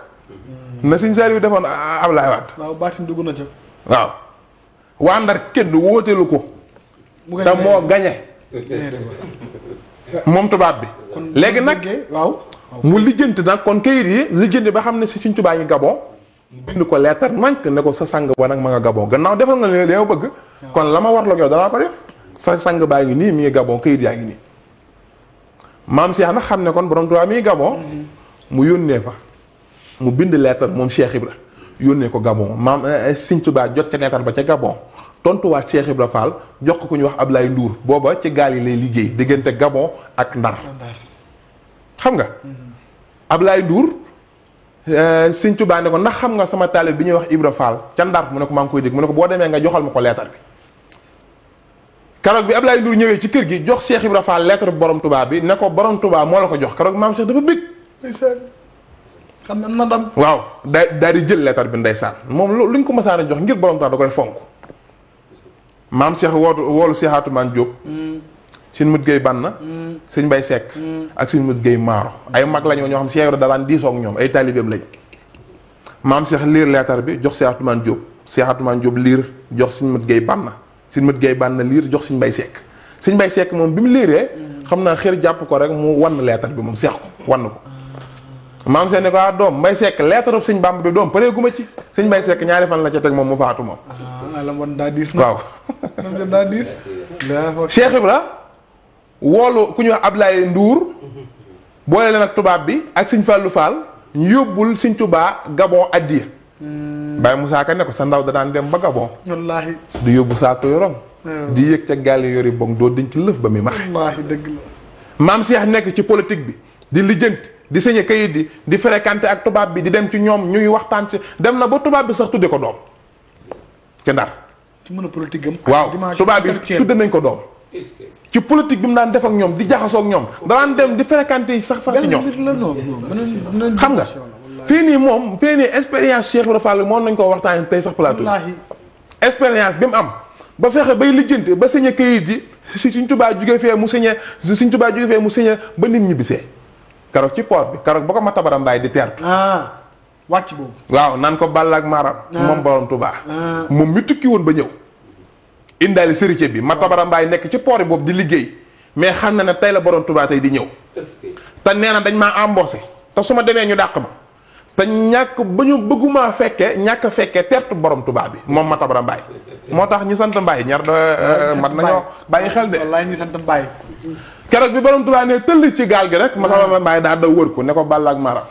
na siñ saar yu defoon Ablaye Wade waaw baatin na ca waaw waa ndar kenn wóotelu ko te moo gañe moom tubaab bi léegi nag waaw mu lijjanti nag kon kayit yi lijjanti ba xam ne si suñ tubaa ngi gabon bind ko leetar nànk ne ko sa sang ba nag ma nga gabon gannaaw defal nga li ma bëgg kon la ma warloog yow danaa ko def sa sang baa ngi nii mi ngi gabon këyit yaa ngi nii maam Cheikh nag xam ne kon borom Tuubaa mi ngi gabon mu yónnee fa mu bind leetar moom Cheikh Ibra yónnee ko gabon maam eh, eh, Sëñ Tuubaa jot ca leetar ba ca gabon tontuwaat Cheikh Ibra Fall jox ko ku ñu wax Ablaye Ndour booba ci gaal yi lay liggéey diggante gabon ak ndar xam nga mm-hmm. Ablaye Ndour eh, Sëñ Tuubaa ne ko ndax xam nga sama taalib bi ñuy wax Ibra Fall ca ndar mu ne ko maa ngi koy dégg mu ne ko boo demee nga joxal ma ko leetar bi karoog bi Ablaye Ndour ñëwee ci kër gi jox Cheikh bi Fall lettre borom Touba bi ne ko borom Touba moo la ko jox karoog maam Cheikh dafa bëgg. na na waaw da daal di jël lettre bi ndeysaan moom lu ñu ko mësaan jox ngir borom Touba da koy fonk maam Cheikh wootu woolu Cheikh Atoumane Diop. Hmm. sëñ mut gay banna hmm. sëñ bay sekk hmm. ak sëñ mut gay maaro ay mag lañoo ñoo xam Cheikh Ibra daan ñoom ay taalibeem lañ maam Cheikh liir lettre bi jox Cheikh jóob Diop Cheikh liir jox sëñ mut gay banna sëñ Mat Gueye baan na liir jox sëñ Mbay Seck sëñ Mbay sekk moom bi mu liiree xam naa xër jàpp ko rek mu wann leetar bi moom seex ko wann ko maam seen ne ko ah doom Mbay sekk leetarub sëñ Bàmba bi doom paree ma ci sëñ Mbay Seck ñaari fan la ca teg moom mu faatu moom ah, la wan daa diis waaw moom daa diis Cheikh Ibra woolu ku ñu wax Ablaye Ndour boole leen ak tubaab bi ak sëñ Fallou Fall ñu yóbbul sëñ Tubaa Gabon addiya Hmm. Baye Moussa Ka ne ko sa ndaw da daan dem ba Gabon. wallaahi. di yóbbu saako yorom. Hmm. di yëg ca gaal yi yori bong doo denc lëf ba muy max. wallaahi dëgg la. maam Cheikh nekk ci politique bi di lijjant di sañe kayit yi di fréquenté ak tubaab bi di dem ci ñoom ñuy waxtaan ci dem na ba tubaab bi sax tudde ko doom ci ndar. ci mën a politique am. waaw tubaab bi tudde nañ ko doom. ci politique bi mu daan def ak ñoom di jaxasoo ak ñoom. daan dem di fréquenté sax sax ci ñoom. xam nga. fii nii moom fii nii expérience Cheikh Ibra Fall moom nañ ko waxtaan tey sax plateau expérience bi mu am ba fexe bay lijjanti ba sañ kayit yi si suñ tubaa jóge fee mu sañ suñ tubaa jóge fee mu sañ ba nit ñibbisee keroog ci port bi keroog ba ko ma tabaram mbaay di teertu ah, wàcc boobu waaw nan ko Balla ak Maram ah. moom borom tubaa ah. moom mi tukki woon ba ñëw indaali sérité bi ma tabaram mbaay nekk ci poor boobu di liggéey mais xam na ne tey la borom tubaa tey di ñëw te nee na dañ maa embauché te su ma demee ñu dàq ma te ñàkk ba ñu bëgguma fekke ñàkk fekke tertu borom tubaab bi moom Matabara Mbaye moo tax ñi sant Mbaye ñaar da euh, mat nañoo bàyyi xel de wallaay ñi sant Mbaye keroog bi borom Touba ne tëll ci gaal gi rek ma Matabara ah. Mbaye daa da wër ko ne ko Balla ak Mara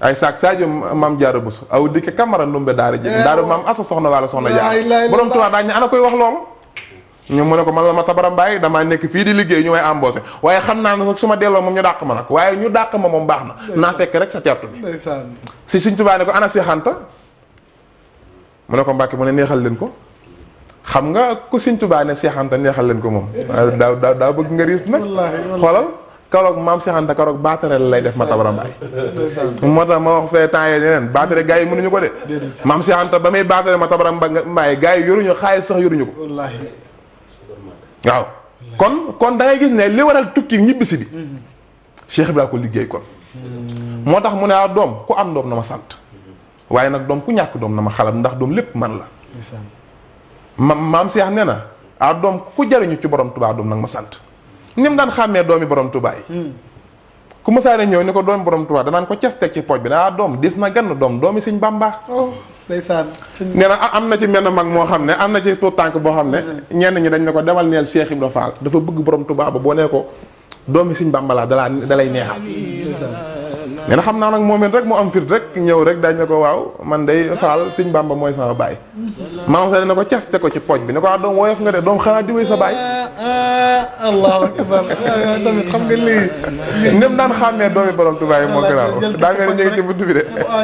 ay saak Sadio maam Diarra Bousso aw dikke Camara Ndumbe daara ji eh, daara maam asa soxna wala soxna jaar borom Touba daa ñu ana koy wax loolu ñu mu ne ko man la ma tabara mbaay damaa nekk fii di liggéey ñu may embauché waaye xam naa na su ma delloo moom ñu dàq ma nag waaye ñu dàq ma moom baax na naa fekk rek sa tertu bi si Sëñ Tuubaa ne ko ana Seex Anta mu ne ko Mbàkke mu ne neexal leen ko xam nga ku Sëñ Tuubaa seexanta neexal leen ko moom daa daa daa bëgg nga riis nag xoolal karoog maam Seex Anta karoog baatare lay def ma tabara mbaay moo tax ma wax fee temps yee neneen baatare gars yi mënuñu ko de maam Seex Anta ba muy baatare ma tabara mbaay yi yoruñu xaalis sax yoruñu ko waaw kon kon da gis ne li waral tukki ñibbisi bi Cheikh Ibra ko liggéey kon moo tax mu ne ah doom ku am doom na ma sant waaye nag doom ku ñàkk doom na ma xalaat ndax doom lépp man la ma maam Cheikh nee na ah doom ku jariñu ci borom Tuubaa doom nag ma sant ni mu daan xàmmee doomi borom tubaay ku masaane ñëw ni ko doom borom Tuubaa danaan ko ces teg ci pooj bi daa ah, doom dis na gann doom doomi Sëñ Bàmba oh, ndeysaan nee na ah, am na ci menn mag moo xam ne am na ci tuut tànk boo xam ne ñenn ñi dañ ne ko demal neel Cheikh Ibra dafa bëgg borom Tuubaa ba boo nee ko doomi Sëñ Bàmba laa dalaa dalay neexal nee na xam naa nag moom rek mu am fit rek ñëw rek dañ ne ko waaw man day Fall Sëñ Bàmba mooy sama baay maam sa ne ko ces teg ko ci pooj bi ne ko ah doom woyof nga de doom xanaa di wéy sa baay Ah, allahu akbar ah, tamit xam nga lii. ñoom naan xàmmee doomi borom Dubaay moo gën a daa nga ñu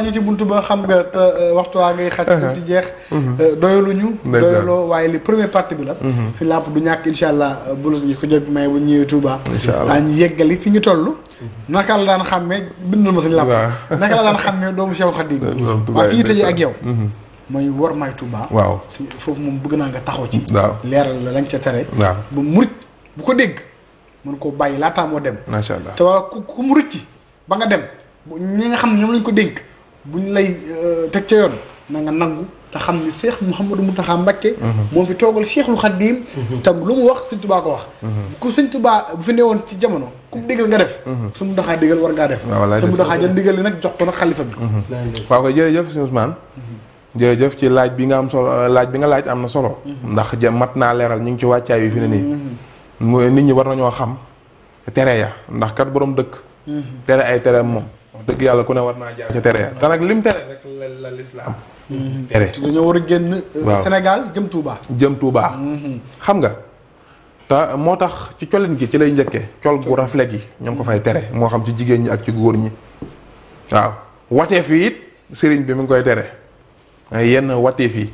ngi buntu bi ah, xam nga euh, waxtu waa ngay xaj. ci uh-huh. jeex. Uh-huh. Euh, doyaluñu. doyaloo waaye li première partie bi la. Uh-huh. fi làpp du ñàkk incha allah euh, bulus ñu ko jot may bu ñëwee Touba. incha allah daañu yeggali fi ñu toll. naka la daan xàmmee bindal ma la daan xàmmee doomu Cheikh Khadim. fi ñu tëjee ak yow. mooy war may Touba. waaw foofu moom bëgg naa nga taxaw ci. waaw leeral la lañ ca tere. waaw ba murit bu ko dégg mën koo bàyyi laataa moo dem. macha allah te waa ku ku murit ci ba nga dem ñi nga xam ñoom lañ ko dénk buñ lay euh, teg ca yoon na nga nangu. te xam ne Cheikh Mouhamadou Mountakha Mbacké mhm. moom fi toogal Cheikhul Khadim mhm. tam lu mu wax sëñ Touba wax mhm. ku sëñ Touba bu fi newoon ci jamono ku mu digal nga def su Mountakha digal war ngaa def su Mountakha jël digal li nag jox ko nag xalifa bi waaw koy jërëjëf sëñ Ousmane jërëjëf ci laaj bi nga am solo laaj bi nga laaj am na solo. ndax ja mat naa leeral ñu ngi ci wàccaay yu fi ne nii. ñi war nañoo xam tere ya ndax borom dëkk. tere ay tere moom. dëgg yàlla ku ne war naa jaar ca tere ya. te nag lim tere rek la lislaam tere te war a génn. Euh, Sénégal jëm Touba. jëm Touba. Mhm. xam nga. te moo tax ci colin gi ci lay njëkke col gu raflet gi ñoo ngi ko fay tere moo xam ci jigéen ñi ak ci góor ñi. waaw wateef yi it sëriñ bi mu ngi koy tere. yenn wateef fii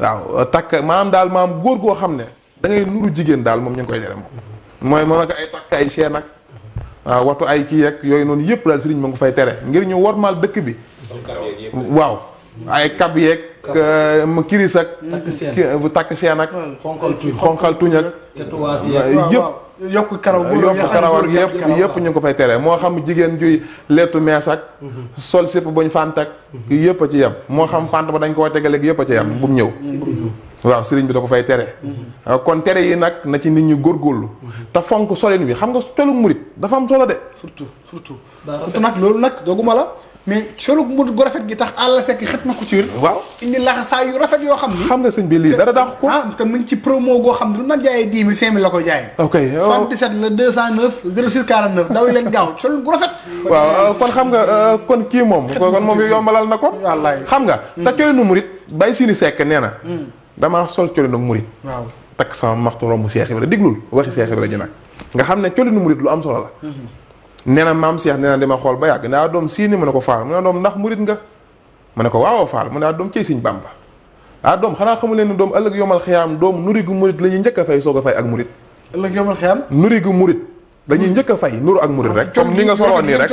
waaw takk maanaam daal maam góor goo xam ne da ngay nuru jigéen daal moom ñu ngi koy tere moom mooy moom nag ay takk ay chaîne nag waaw watu ay kii rek yooyu noonu yëpp daal sëriñ ma nga fay tere ngir ñu maal dëkk bi waaw ay kab yeeg euh, kiris ak takk chaîne ak xonqal tuñ ak yëpp yokk karaw yokk karaw ak yëpp ñu ngi ko fay tere moo xam jigéen juy leetu mees ak sol sipp buñ fant ak yëpp a ci yem moo xam fant ba dañ koo tegaleeg yëpp a ci yem bu mu ñëw waaw sëriñ bi da ko fay tere ah, kon tere yi nag na ci nit ñu ñi góorgóorlu te fonk solin wi xam nga colu murit dafa am solo de surtout surtout surtout nag loolu nag dooguma la mais solug mu gu rafet gi tax àll sekk xet na couture waaw indi laxasaay yu rafet yoo xam ni xam nga sëñ bi lii dara dàq ko ah te mu ngi ci promo goo xam ne lu naan jaayee dix mille cinq mille la koy jaayee ok oh. euh, kon xam nga euh, kon kii moom kon moom yombalal na ko wallaay xam nga hmm. te colinu murit bàyyi sini sekk nee na hmm. damaa sol colinu murit waaw takk sama maxtu romb Seex la déglul waxi Seex Ibra ji nag nga xam ne colinu murit lu am solo la hmm. nee na maam Cheikh nee na dama xool ba yàgg naa ah doom sii ni mu ne ko faal mu ne doom ndax murit nga mu ne ko waaw faal mu ne ah doom cey siñ bàmba ah doom xanaa xamu leen ni doom ëllëg yomal xiyaam doom nuri gu murit la ñuy a fay soog a fay ak murit ëllëg yomal xiyaam nuri gu murit a fay nuru ak murit rek comme ni nga soloon nii rek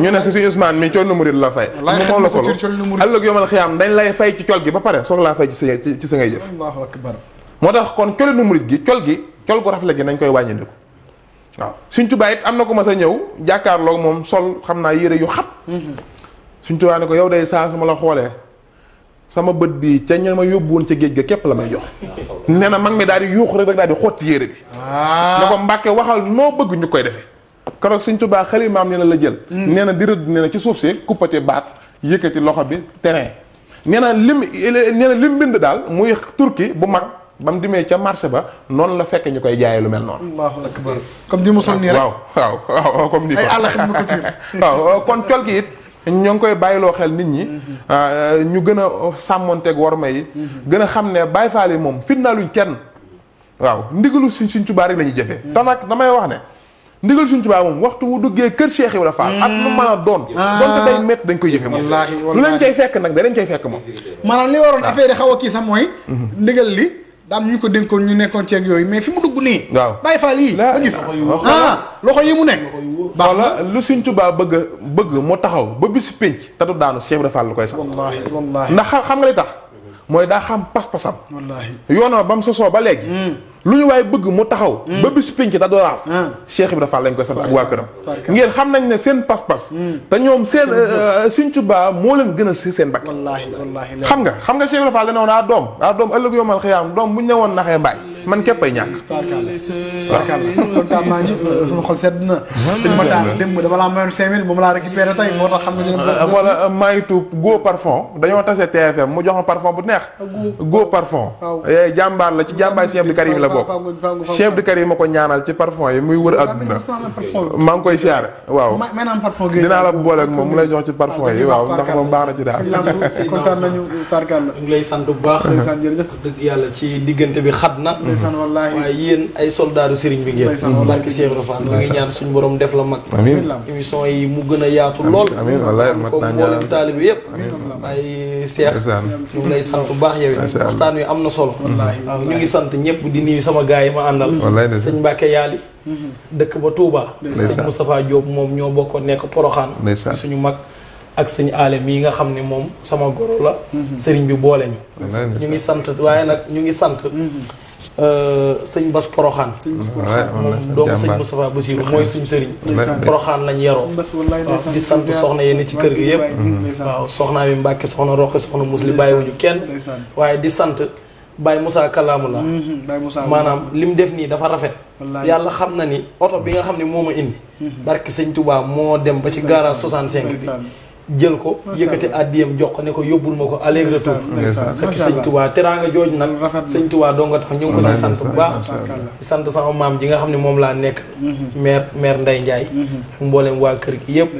ñu ne si si Ousmane mi col murit la fay mu moom la solo ëllëg yomal xiyaam dañ lay fay ci col gi ba pare soog laa fay ci sa ci sa ngay jëf moo tax kon coli murit gi col gi col gu rafle gi nañ koy wàññi waaw suñ tubaa it am na ko mas a ñëw jàkkaarloog moom sol xam naa yére yu xat. suñ tubaa ne ko yow day saa su ma la xoolee sama bët bi ca ña ma yóbbu woon ca géej ga képp la may jox. nee na mag mi daal di yuux rek daal di xotti yére bi. Ah. ne ko mbàkke waxal noo bëgg ñu koy defee. keroog suñ tubaa xel maam ne la jël. Hmm. nee na di rëdd nee na ci suuf si kuppati baat yëkkati loxo bi terrain. nee na lim nee na lim bind daal muy turki bu mag. ba mu dimee ca marché ba noonu la fekk ñu koy jaayee lu mel noonu. allahu akbar comme ni mu sol nii rek waaw waaw waaw ni ko. ay àll xam waaw kon col gi it. ñoo ngi koy bàyyiloo xel nit ñi. Mhm. Ah, ñu gën a sàmmonteeg worma yi. Mhm. gën a xam ne Baay Faal yi moom fitnaaluñ kenn. waaw ndigalu suñ suñ Tuubaa rek la ñuy jëfee. Mhm. te nag damay wax ne. ndigal suñ Tuubaa moom waxtu wu duggee kër Cheikh Ibra Fall. ak lu mën a doon. donte day ah. métti dañ koy jëfee moom. wallaahi wallaahi lu leen cay fekk nag da leen cay fekk moom. maanaam li waroon affaire yi xaw a kii sax mooy. ndigal li. daam ñu ko dénkoon ñu nekkoon ceeg yooyu mais fi mu dugg nii. waaw bàyyi faal yi ba gis ah, loxo yi mu ne. baax na lu Sëñ Tuubaa bëgg bëgg moo taxaw ba bisu pénc te du daanu Cheikh Ibra Fall la koy sax. ndax xam nga li tax. mooy daa xam pas-pasam. wallaahi yoonam ba mu sosoo ba léegi. Hmm. lu ñu waaye bëgg mu taxaw. Hmm. ba bis penc da doon raaf. Hmm. Cheikh Ibra Fall lañ koy sant ak waa këram. ngeen xam nañ ne seen pas-pas. Hmm. te ñoom seen euh, Sëñ Tuubaa moo leen gënal si seen bakk. wallaahi wallaahi xam nga xam nga Cheikh Ibra Fall dana woon ah doom ah doom ëllëg yomal xiyaam doom bu ñu ne woon naxee mbaay man képpay ñàkk. waaw kontaan naa ñu sama xol sedd na. sëñ Matar démb dama laa mayoon moom laa récupéré tey moo xam nga. wala euh, euh, maa ngi tuub Go Parfum dañoo tase TFM mu jox ma parfum bu neex. Ah, Go Parfum. Eh, jàmbaar la ci jàmbaar chef de carré bi la boo chef de carré ma ko ñaanal ci parfum yi muy wër àdduna. maa ngi koy siyaare waaw. dinaa la boole ak moom mu lay jox ci parfum yi waaw ndax moom baax na ci daal. kontaan nañu tarkal la. bu baax. dëgg yàlla ci diggante bi xat na ndeysaan mhm. wallaay waaye yéen ay soldaaru sëriñ bi ngeen ndeysaan wallaay barke Cheikh Rafaan ñu ngi ñaan suñu la mag yi mu gën a yaatu lool amiin wallaay ko mboolem taalibi yëpp waaye Cheikh ñu ngi lay sant bu baax yow it waxtaan wi am na solo waaw ñu ngi sant ñëpp di nuyu sama gars yi ma àndal sëñ Mbacke Yaali mhm. dëkk ba Touba sëñ Moustapha Diop moom ñoo bokkoon nekk Poroxaan suñu mag ak sëñ aale mii nga xam ne moom sama goro la mhm. sëriñ bi boole ñu ngi sant waaye nag ñu ngi sant Euh, sëñ Bas Poroxaan. moom doomu sëñ Moustapha Bassirou mooy suñu sëriñ. Poroxaan lañ yaroo. waaw di sant soxna yéen ci kër gi yëpp. waaw soxnaa mi Mbàkke soxna Roqe soxna Musli bàyyiwuñu kenn. waaye di sant Baye Moussa Kalaamu la. Mhm, maanaam li mu def nii dafa rafet. yàlla xam na ni oto bi nga xam ne moo ma indi. Mhm. barke sëñ tubaab moo dem ba ci garage 65 bi. jël ko yëkkati àddiyam jox ko ne ko yóbbul ma ko aller retour fekk sëñ Tuubaa teraanga jooj nag sëñ Tuubaa doo nga tax ñu ngi si sant bu baax di sant sama maam ji nga xam ne moom laa nekk meer mhm. maire Ndeye Ndiaye mhm. ak mboolem waa kër gi yëpp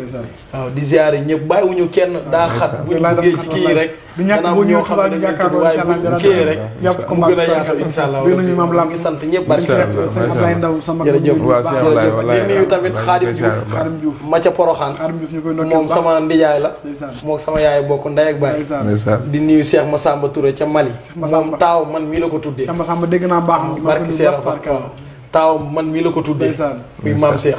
waaw di ziare ñëpp bàyyiwuñu kenn daa xat buñ buggee ci kii rek du ñàkk boo ñëw xibaar ñu jàkkaarloo incha allah kii rek yàpp ko mbaa gën a yaatu incha allah nañu maam lam ngi sant ñëpp bari sëñ Ablaye Ndaw sama di nuyu tamit Xaadim ma ca Poroxaan Xaadim Diouf ñu koy ndokkee moom man mii la ko tuddee Cheikh Massamba dégg naa mbaaxam taaw man mii la ko tuddee. muy maam Seex.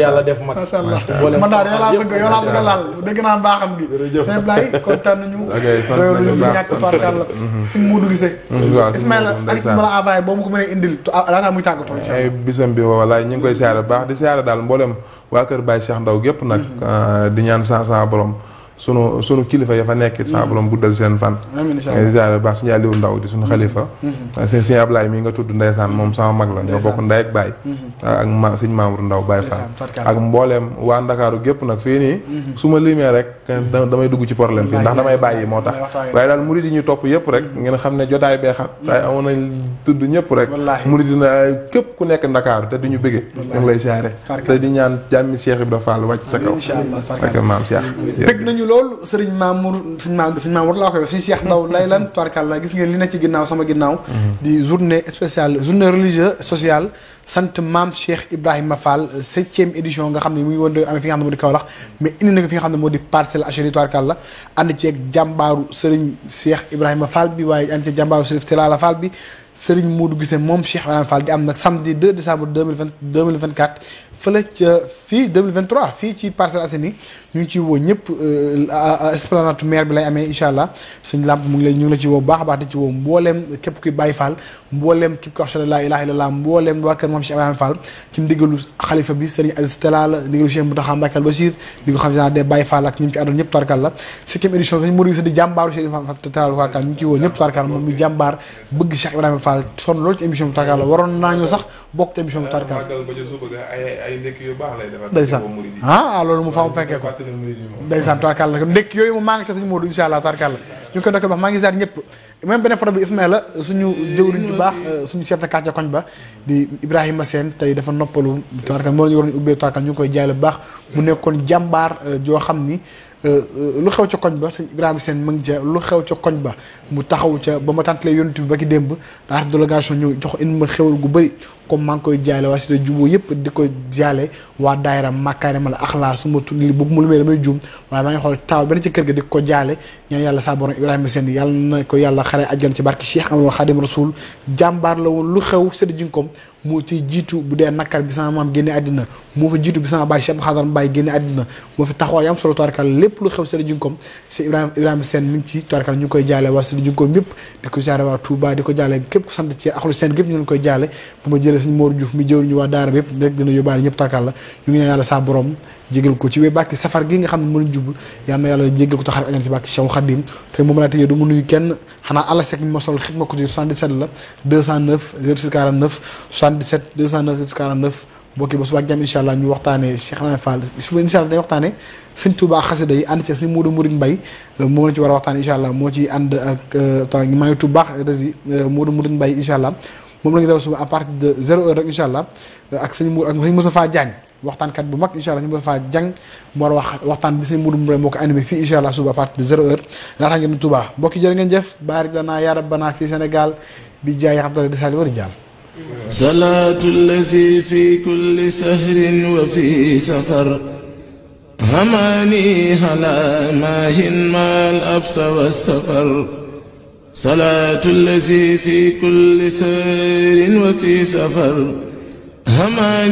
yàlla def mag. macha allah man daal yow laa bëgg yow laa bëgg a laal dégg naa mbaaxam gi. jërëjëf sëñ Ablaye kontaan nañu. ok sant nañu ñàkk par yàlla. suñ Moodu gisee. Mhm, waaw Ismaïla ak Mbala Avaye boo ma ko mënee indil ah, laataa muy tàggatoo. incha allah bisam bi wala ñu ngi koy siyaare baax di siyaare daal mboolem waa kër Baye Cheikh Ndaw gépp nag mhm. ah, di ñaan sa sa borom sunu sunu kilifa ya fa nekk mm-hmm. saa borom guddal seen fan nga ziare baax suñu Aliou Ndaw di suñu xalifa mm-hmm. si sëñ Ablaye mii nga tudd ndeysaan moom sama mag la ñoo bokk ndey ak baay mm-hmm. ak ma sëñ Mamour Ndaw Baye Fall ak mbooleem waa Ndakaaru gépp nag fii nii su ma limee rek damay dugg ci problème bi ndax damay bàyyi moo tax waaye daal murid yi ñu topp yëpp rek ngeen xam ne jotaay bee hmm. waaye amoon nañ tudd ñëpp rek murid na képp ku nekk Ndakaaru te du ñu bëggee ñu ngi lay siyaare te di ñaan jàmmi Cheikh Ibra Fall wàcc sa kaw bëgg hmm. nañu lool sëriñ Mamour sëriñ Mamour sëriñ Mamour laa koy wax sëriñ Cheikh Ndaw lay lan tubarkàlla gis ngeen li na ci ginnaaw sama ginnaaw hmm. di journée spéciale journée religieuse sociale sant maam Marcel Achary Toarkalla ànd ceeg jàmbaaru Serigne Cheikh Ibrahima Fall bi waaye ànd ceeg jàmbaaru Serif Tilala Fall bi Serigne Modou Guissé moom Cheikh Ibrahima Fall di am nag samedi 2 décembre 2020 2024 fële ca fii 2023 fii ci Parcelles Assainies ñu ngi ci woo ñëpp euh, bi lay amee incha allah sëñ mu ngi lay ñu ngi la ci woo baax a baax di ci woo mbooleem képp kuy Baye Fall mbooleem képp ku ashhadu an laa ilaaha illallaah mbooleem waa kër moom ñu ngi ci woo ñëpp tarkal moom Fall sonn loolu ci émission bi Tarkalla waroon naa ñu sax bokk ci émission bi Tarkalla. ndeysaan ah loolu mu faaw fekkee ko ndeysaan Tarkalla ndekk yooyu maa ngi ca sëñ Modou incha allah Tarkalla ñu ngi koy dokkee baax baax suñu chef de quartier koñ ba di Ibrahima Sène tey dafa noppalu Tarkalla moo la ñu waroon ubbee Tarkalla ñu ngi koy jaay baax mu nekkoon jàmbaar euh, joo xam ni Euh, euh, lu xew ca koñ ba sëñ Ibrahima seen mu ngi lu xew ca koñ ba mu taxaw ca ba ma tàntalee yonent bi ba ki démb daa def délégation ñëw jox in ma xewal gu bëri comme maa ngi koy jaale waa Cité Jubóo yëpp di ko jaale waa daayira di ko jaale la woon lu bu dee bi sama maam génne àddina moo fa jiitu bi sama baay Cheikh Xadar Mbaye génne àddina moo fi taxawaay am solo toirkal lépp lu xew Cité ko jaale képp ku sant ci seen gépp ñu leen koy jaale bu ma jëlee jàppale sëñ Mor Diouf mi jëwriñu waa daara bi yëpp rek dina yóbbaale ñëpp tàkkal la ñu ngi ñaan yàlla saa borom jégal ko ci wé bàkki safar gi nga xam ne mën a jub yal na yàlla jégal ko taxar añan ci bàkki Cheikh Khadim te moom laa tëjee du mu nuyu kenn xanaa àlasek mi ma ci la 209 06 49 77 la war a waxtaane incha allah moo ci ànd ak euh, maa ngi tudd baax resi euh, Moodu Murid Mbay incha allah moom la ñu daw suba à partir de zéro heure rek incha allah ak sëñ Mbour ak sëñ Moustapha Diagne waxtaankat bu mag incha allah sëñ Moustapha Diagne mu war a wax waxtaan bi sëñ Mbour Mbour moo ko animé fii incha allah suba à partir de zéro heure laata ngeen di Touba mbokki jërë ngeen jëf baarik lanaa yaa rabbanaa fii Sénégal bi jaay yaxamtale di sali war i jàll salaatu lazi fi kulli sahrin wa fi safar هماني هلا ماهن ما الأبس والسفر salaatu lazi fi kulli sayrin wa fi safar